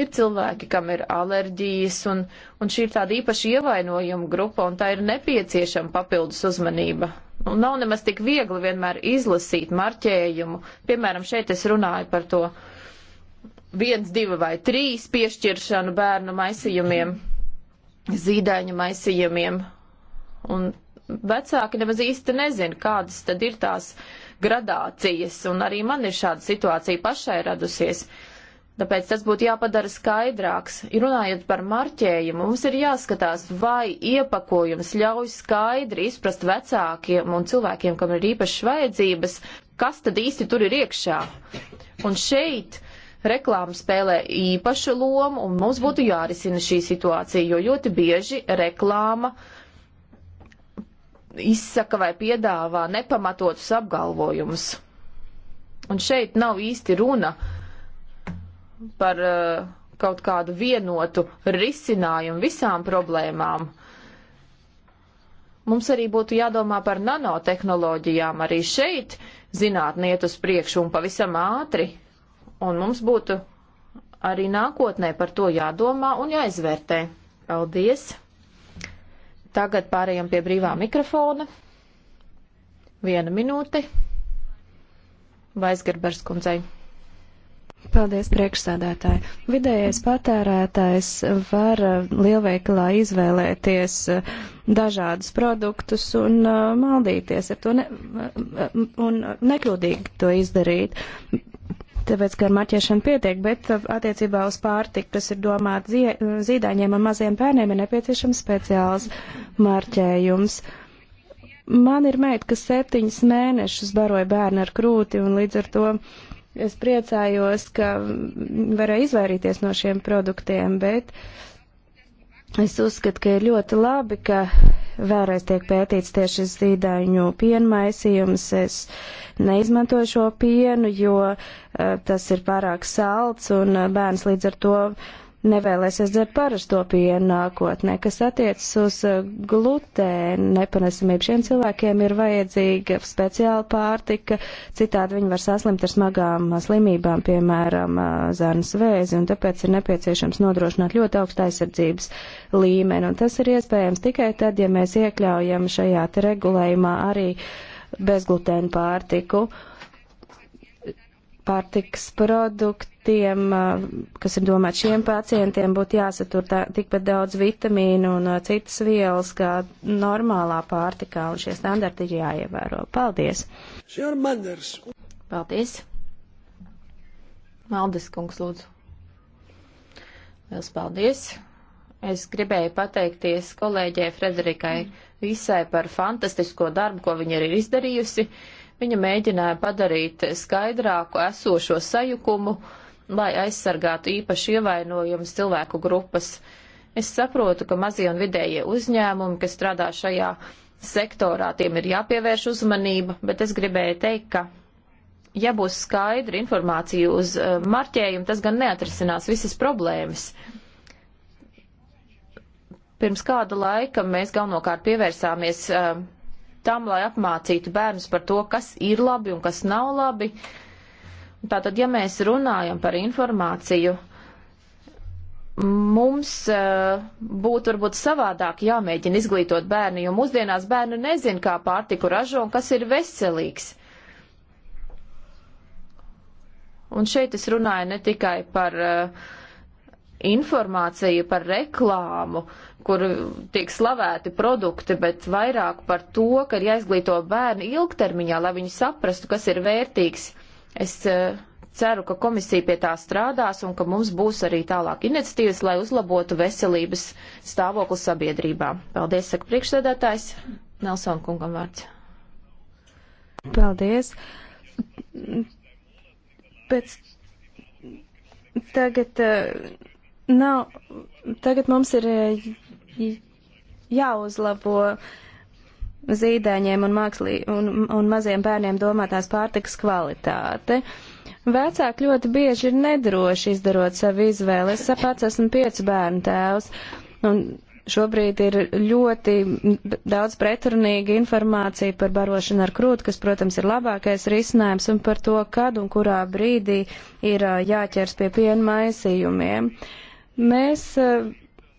Ir cilvēki, kam ir alerģijas, un, un šī ir tāda īpaši ievainojuma grupa, un tā ir nepieciešama papildus uzmanība. Un nu, nav nemaz tik viegli vienmēr izlasīt marķējumu. Piemēram, šeit es runāju par to viens, divi vai trīs piešķiršanu bērnu maisījumiem, zīdaiņu maisījumiem. Un vecāki nemaz īsti nezina, kādas tad ir tās gradācijas, un arī man ir šāda situācija pašai radusies. Uh, Tāpēc tas būtu jāpadara skaidrāks. Runājot par marķējumu, mums ir jāskatās, vai iepakojums ļauj skaidri izprast vecākiem un cilvēkiem, kam ir īpašas vajadzības, kas tad īsti tur ir iekšā. Un šeit reklāma spēlē īpašu lomu, un mums būtu jārisina šī situācija, jo ļoti bieži reklāma izsaka vai piedāvā nepamatotus apgalvojumus. Un šeit nav īsti runa par uh, kaut kādu vienotu risinājumu visām problēmām. Mums arī būtu jādomā par nanotehnoloģijām. Arī šeit zinātnē iet uz priekšu un pavisam ātri. Un mums būtu arī nākotnē par to jādomā un jāizvērtē. Paldies! Tagad pārējām pie brīvā mikrofona. Viena minūte. Vaisgarbers kundzei. Paldies, priekšsādātāji. Vidējais patērētājs var eh, lielveikalā izvēlēties eh, dažādus produktus un eh, maldīties ar to ne, un nekļūdīgi to izdarīt. Tāpēc, ka ar marķēšanu pietiek, bet attiecībā uz pārtiku, kas ir domāta zīdaiņiem un maziem bērniem, ir nepieciešams speciāls marķējums. Man ir meita, kas septiņus mēnešus baroja bērnu ar krūti un līdz ar to uh, Es priecājos, ka varēju izvairīties no šiem produktiem, bet es uzskatu, ka ir ļoti labi, ka vēlreiz tiek pētīts tieši zīdaiņu pienmaisījums. Es neizmantoju šo pienu, jo uh, tas ir pārāk salds un eh, bērns līdz ar to uh, nevēlēsies dzert parasto pienu nākotnē, kas attiecas uz uh, glutēnu nepanesamību. Šiem cilvēkiem ir vajadzīga speciāla pārtika, citādi viņi var saslimt ar smagām uh, slimībām, piemēram, uh, zarnas vēzi, un tāpēc ir nepieciešams nodrošināt ļoti augstu aizsardzības līmeni. Un tas ir iespējams tikai tad, ja mēs iekļaujam šajā te regulējumā arī bezglutēnu pārtiku. Uh, pārtiks produktiem, eh, kas ir domāti šiem pacientiem, būtu jāsatur tā, tikpat daudz vitamīnu un eh, citas vielas, kā normālā pārtikā, un šie standarti ir jāievēro. Paldies! Paldies! Maldes kungs, lūdzu. Liels paldies! Es gribēju pateikties kolēģei Frederikai Visai par fantastisko darbu, ko viņa ir izdarījusi. Uh, Viņa mēģināja padarīt skaidrāku esošo sajukumu, lai aizsargātu īpaši ievainojumus cilvēku grupas. Es saprotu, ka mazie un vidējie uzņēmumi, kas strādā šajā sektorā, tiem ir jāpievērš uzmanība, bet es gribēju teikt, ka ja būs skaidra informācija uz eh, marķējumu, tas gan neatrisinās visas problēmas. Pirms kāda laika mēs galvenokārt pievērsāmies eh, tam, lai apmācītu bērnus par to, kas ir labi un kas nav labi. Tātad, ja mēs runājam par informāciju, mums uh, būtu varbūt savādāk jāmēģina izglītot bērnu, jo mūsdienās bērnu nezin, kā pārtiku ražo un kas ir veselīgs. Un šeit es runāju ne tikai par uh, informāciju par reklāmu, kur tiek slavēti produkti, bet vairāk par to, ka ir jāizglīto bērni ilgtermiņā, lai viņi saprastu, kas ir vērtīgs. Es eh, ceru, ka komisija pie tā strādās un ka mums būs arī tālāk iniciatīvas, lai uzlabotu veselības stāvokli sabiedrībā. Paldies, saka priekšsēdētājs. Nelson kungam vārds. Paldies. Pēc tagad. Uh nav, tagad mums ir eh, jāuzlabo zīdaiņiem un, mākslī, un, un maziem bērniem domātās pārtikas kvalitāte. Vecāki ļoti bieži ir nedroši izdarot savu izvēli. Es pats esmu piecu bērnu tēvs, un šobrīd ir ļoti daudz pretrunīga informācija par barošanu ar krūtu, kas, protams, ir labākais risinājums, un par to, kad un kurā brīdī ir eh, jāķers pie piena maisījumiem. Uh, Mēs e,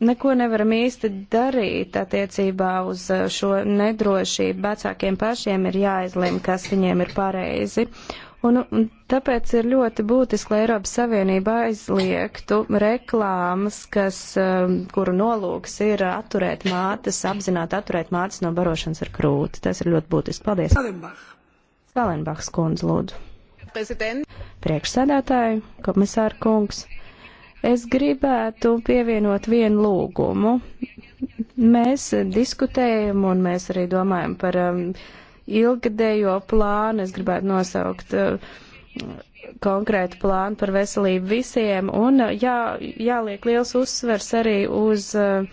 neko nevaram īsti darīt attiecībā uz e, šo nedrošību. Vecākiem pašiem ir jāizlem, kas viņiem ir pareizi. Un, un tāpēc ir ļoti būtiski, lai Eiropas Savienība aizliegtu reklāmas, kas, e, kuru nolūks ir atturēt mātes, apzināti atturēt mātes no barošanas ar krūti. Tas ir ļoti būtiski. Paldies. Kalenbachs kundze, lūdzu. Prezident. Priekšsēdētāji, komisāra kungs. Es gribētu pievienot vienu lūgumu. Mēs diskutējam un mēs arī domājam par um, ilgadējo plānu. Es gribētu nosaukt uh, konkrētu plānu par veselību visiem un uh, jā, jāliek liels uzsvers arī uz uh,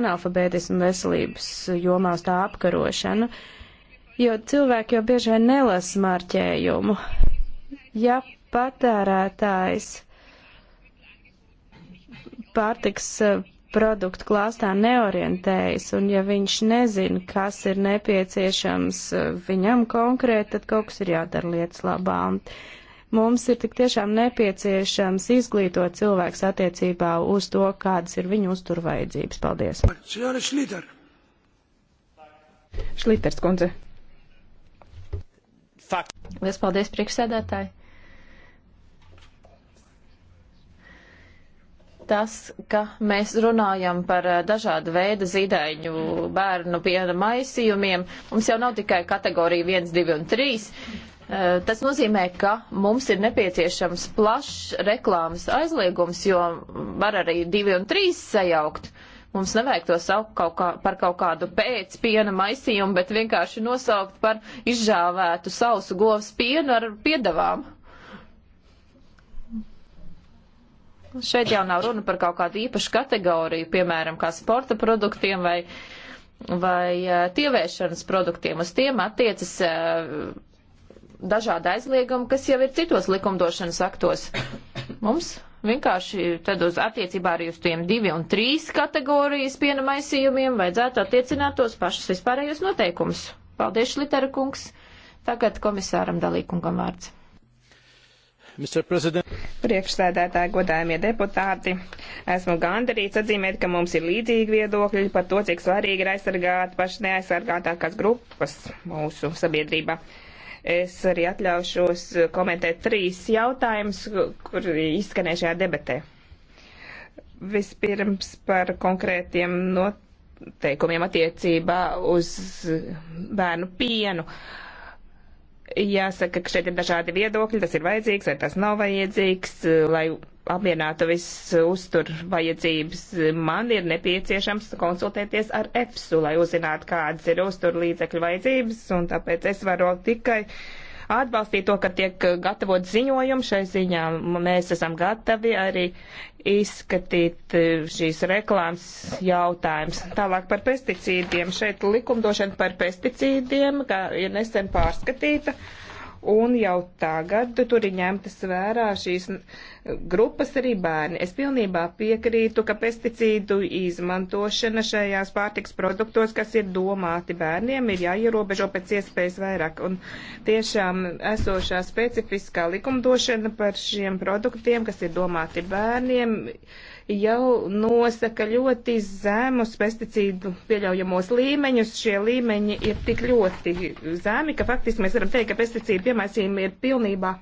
analfabētismu veselības jomā uz tā apkarošanu, jo cilvēki jau bieži vien nelasa marķējumu. Ja patērētājs pārtiks eh, produktu klāstā neorientējas, un ja viņš nezina, kas ir nepieciešams eh, viņam konkrēti, tad kaut kas ir jādara lietas labā. Un mums ir tik tiešām nepieciešams izglītot cilvēks attiecībā uz to, kādas ir viņu uzturvajadzības. Paldies! Šliter. Šliters kundze. Liels paldies, priekšsēdētāji! tas, ka mēs runājam par eh, dažādu veidu zīdaiņu bērnu piena maisījumiem. Mums jau nav tikai kategorija 1, 2 un 3. Eh, tas nozīmē, ka mums ir nepieciešams plašs reklāmas aizliegums, jo var arī 2 un 3 sajaukt. Mums nevajag to saukt kaut kā, par kaut kādu pēcpiena maisījumu, bet vienkārši nosaukt par izžāvētu sausu govs pienu ar piedavām. Šeit jau nav runa par kaut kādu īpašu kategoriju, piemēram, kā sporta produktiem vai, vai eh, tievēršanas produktiem. Uz tiem attiecas eh, dažādi aizliegumi, kas jau ir citos likumdošanas aktos. Mums vienkārši tad uz attiecībā arī uz tiem divi un trīs kategorijas piena maisījumiem vajadzētu attiecināt tos pašus vispārējos noteikumus. Paldies, Litera kungs! Tagad komisāram Dalīkungam vārds. Priekšsēdētāji, godājumie deputāti, esmu gandarīts atzīmēt, ka mums ir līdzīgi viedokļi par to, cik svarīgi ir aizsargāt paši neaizsargātākās grupas mūsu sabiedrībā. Es arī atļaušos komentēt trīs jautājumus, kur izskanē šajā debatē. Vispirms par konkrētiem noteikumiem attiecībā uz bērnu pienu. Uh, Jāsaka, ka šeit ir dažādi viedokļi, tas ir vajadzīgs vai tas nav vajadzīgs, lai apvienātu viss uztur vajadzības. Man ir nepieciešams konsultēties ar EFSU, lai uzzinātu, kādas ir uztur līdzekļu vajadzības, un tāpēc es varu tikai uh, atbalstīt to, ka tiek uh, gatavot ziņojumi šai ziņā. Mēs esam gatavi arī izskatīt uh, šīs reklāmas jautājums. Tālāk par pesticīdiem. Šeit likumdošana par pesticīdiem ir nesen pārskatīta. Un jau tagad tur ir ņemtas vērā šīs grupas arī bērni. Es pilnībā piekrītu, ka pesticīdu izmantošana šajās pārtiks produktos, kas ir domāti bērniem, ir jāierobežo pēc iespējas vairāk. Un tiešām esošā specifiskā likumdošana par šiem produktiem, kas ir domāti bērniem, jau nosaka ļoti zemus pesticīdu pieļaujamos līmeņus. Šie līmeņi ir tik ļoti zemi, ka faktiski mēs varam teikt, ka pesticīdu piemērsījumi ir pilnībā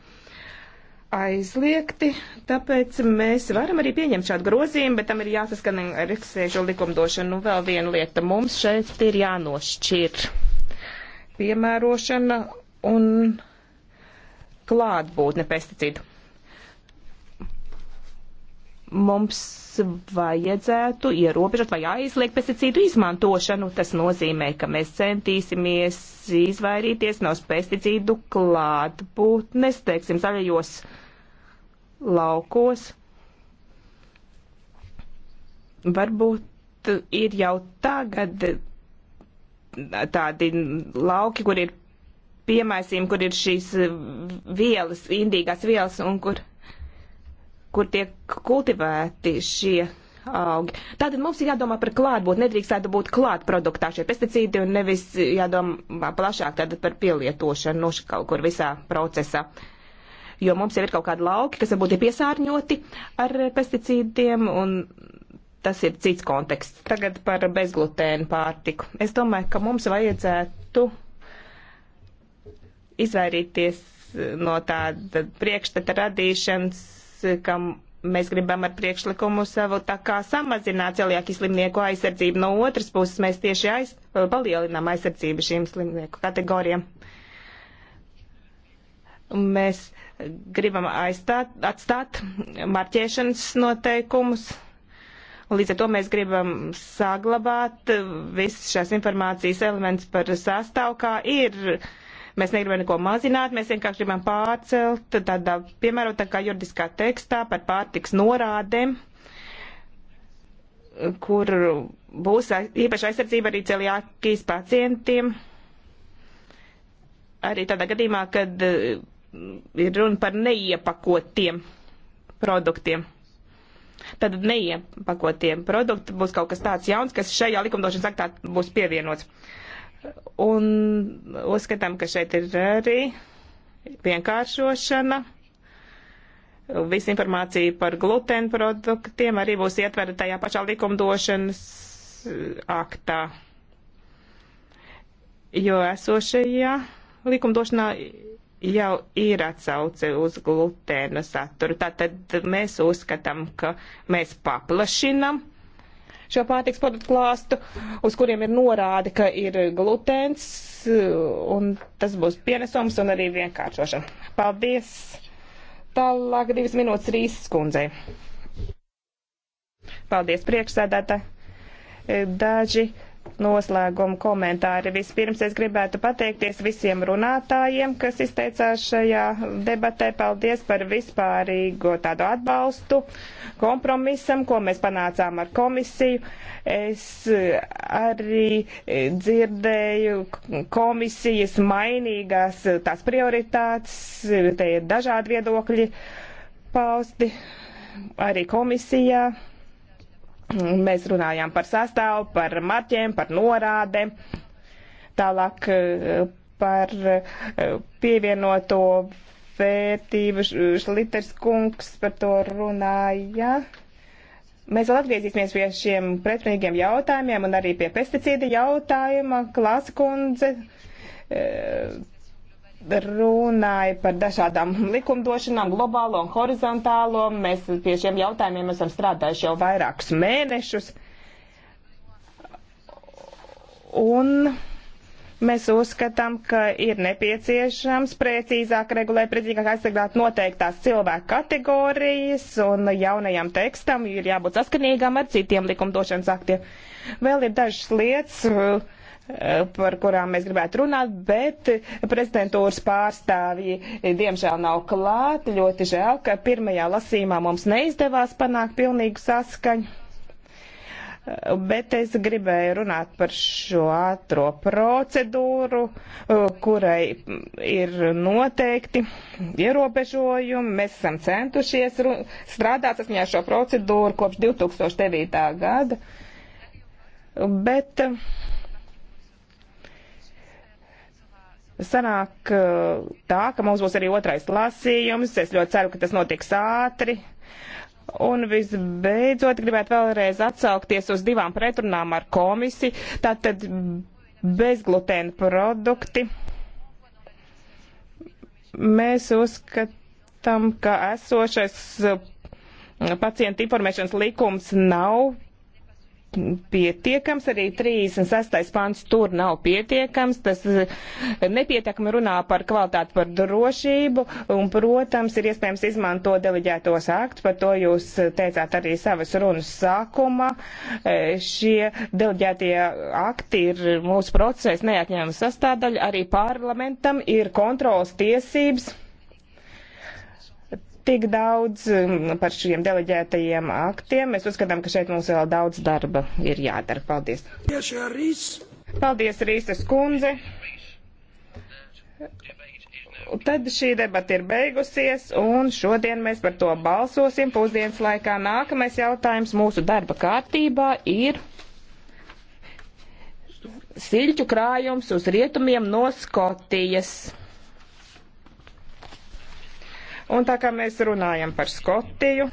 aizliegti, tāpēc mēs varam arī pieņemt šādu grozījumu, bet tam ir jāsaskan ar eksēžu likumdošanu. Nu, vēl viena lieta mums šeit ir jānošķir piemērošana un klātbūtne pesticīdu. Mums vajadzētu ierobežot vai aizliegt pesticīdu izmantošanu. Tas nozīmē, ka mēs centīsimies izvairīties no pesticīdu klātbūtnes, teiksim, zaļajos laukos. Varbūt ir jau tagad tādi lauki, kur ir piemaisījumi, kur ir šīs vielas, indīgās vielas un kur, kur tiek kultivēti šie augi. Tātad mums ir jādomā par klātbūtni, nedrīkstētu būt klāt produktā šie pesticīdi un nevis jādomā plašāk tātad par pielietošanu no kaut kur visā procesā. Uh, jo mums jau ir kaut kādi lauki, kas varbūt ir piesārņoti ar pesticīdiem, un tas ir cits konteksts. Tagad par bezglutēnu pārtiku. Es domāju, ka mums vajadzētu izvairīties no tāda priekšstata radīšanas, kam mēs gribam ar priekšlikumu savu tā kā samazināt cilvēku slimnieku aizsardzību. No otras puses, mēs tieši aiz, palielinām aizsardzību šīm slimnieku kategorijām. Mēs gribam aizstāt, atstāt marķēšanas noteikumus. Līdz ar to mēs gribam saglabāt visas šās informācijas elements par sastāvu, kā ir. Mēs negribam neko mazināt, mēs vienkārši gribam pārcelt tādā piemērotākā juridiskā tekstā par pārtiks norādēm, kur būs īpaša aizsardzība arī celiākijas pacientiem arī tādā gadījumā, kad ir runa par neiepakotiem produktiem. Tad neiepakotie produkti būs kaut kas tāds jauns, kas šajā likumdošanas aktā būs pievienots. Un uzskatām, ka šeit ir arī vienkāršošana. Visa informācija par glutēnu produktiem arī būs ietverta tajā pašā likumdošanas eh, aktā. Jo esošajā likumdošanā jau ir atsauce uz glutēna saturu. Tātad mēs uzskatām, ka mēs paplašinam šo pārtiks produktu klāstu, uz kuriem ir norāde, ka ir glutēns, un tas būs pienesums un arī vienkāršošana. Paldies! Tālāk divas minūtes Rīsas kundzei. Paldies priekšsēdētāji! Daži noslēguma komentāri. Vispirms es gribētu pateikties visiem runātājiem, kas izteicās šajā debatē. Paldies par vispārīgo tādu atbalstu kompromisam, ko mēs panācām ar komisiju. Es arī dzirdēju komisijas mainīgās tās prioritātes, te ir dažādi viedokļi pausti arī komisijā Mēs runājām par sastāvu, par marķiem, par norādēm, tālāk eh, par eh, pievienoto vērtību. Šliters kungs par to runāja. Mēs vēl atgriezīsimies pie šiem pretrunīgiem jautājumiem un arī pie pesticīda jautājuma. Klāsa kundze eh, runāja par dažādām likumdošanām, globālo un horizontālo. Mēs pie šiem jautājumiem esam strādājuši jau vairākus mēnešus. Un mēs uzskatām, ka ir nepieciešams precīzāk regulēt, precīzāk aizsargāt noteiktās cilvēku kategorijas, un jaunajam tekstam ir jābūt saskanīgam ar citiem likumdošanas aktiem. Vēl ir dažas lietas. Uh, Eh, par kurām mēs gribētu runāt, bet prezidentūras pārstāvji diemžēl nav klāt. Ļoti žēl, ka pirmajā lasīmā mums neizdevās panākt pilnīgu saskaņu. Eh, bet es gribēju runāt par šo ātro procedūru, eh, kurai ir noteikti ierobežojumi. Mēs esam centušies strādāt saskaņā ar šo procedūru kopš 2009. gada. Bet sanāk uh, tā, ka mums būs arī otrais lasījums. Es ļoti ceru, ka tas notiks ātri. Un visbeidzot, gribētu vēlreiz atsaukties uz divām pretrunām ar komisi. Tātad bezglutēna produkti. Mēs uzskatām, ka esošais uh, pacienta informēšanas likums nav pietiekams, arī 36. pants tur nav pietiekams, tas eh, nepietiekami runā par kvalitāti, par drošību, un, protams, ir iespējams izmantot deleģētos aktus, par to jūs teicāt arī savas runas sākumā. Eh, šie deleģētie akti ir mūsu procesa neatņēmama sastāvdaļa, arī parlamentam ir kontrols tiesības tik daudz um, par šiem deleģētajiem aktiem. Mēs uzskatām, ka šeit mums vēl daudz darba ir jādara. Paldies. Paldies, Rīsas kundze. Tad šī debata ir beigusies, un šodien mēs par to balsosim pusdienas laikā. Nākamais jautājums mūsu darba kārtībā ir siļķu krājums uz rietumiem no Skotijas. Un tā kā mēs runājam par Skotiju,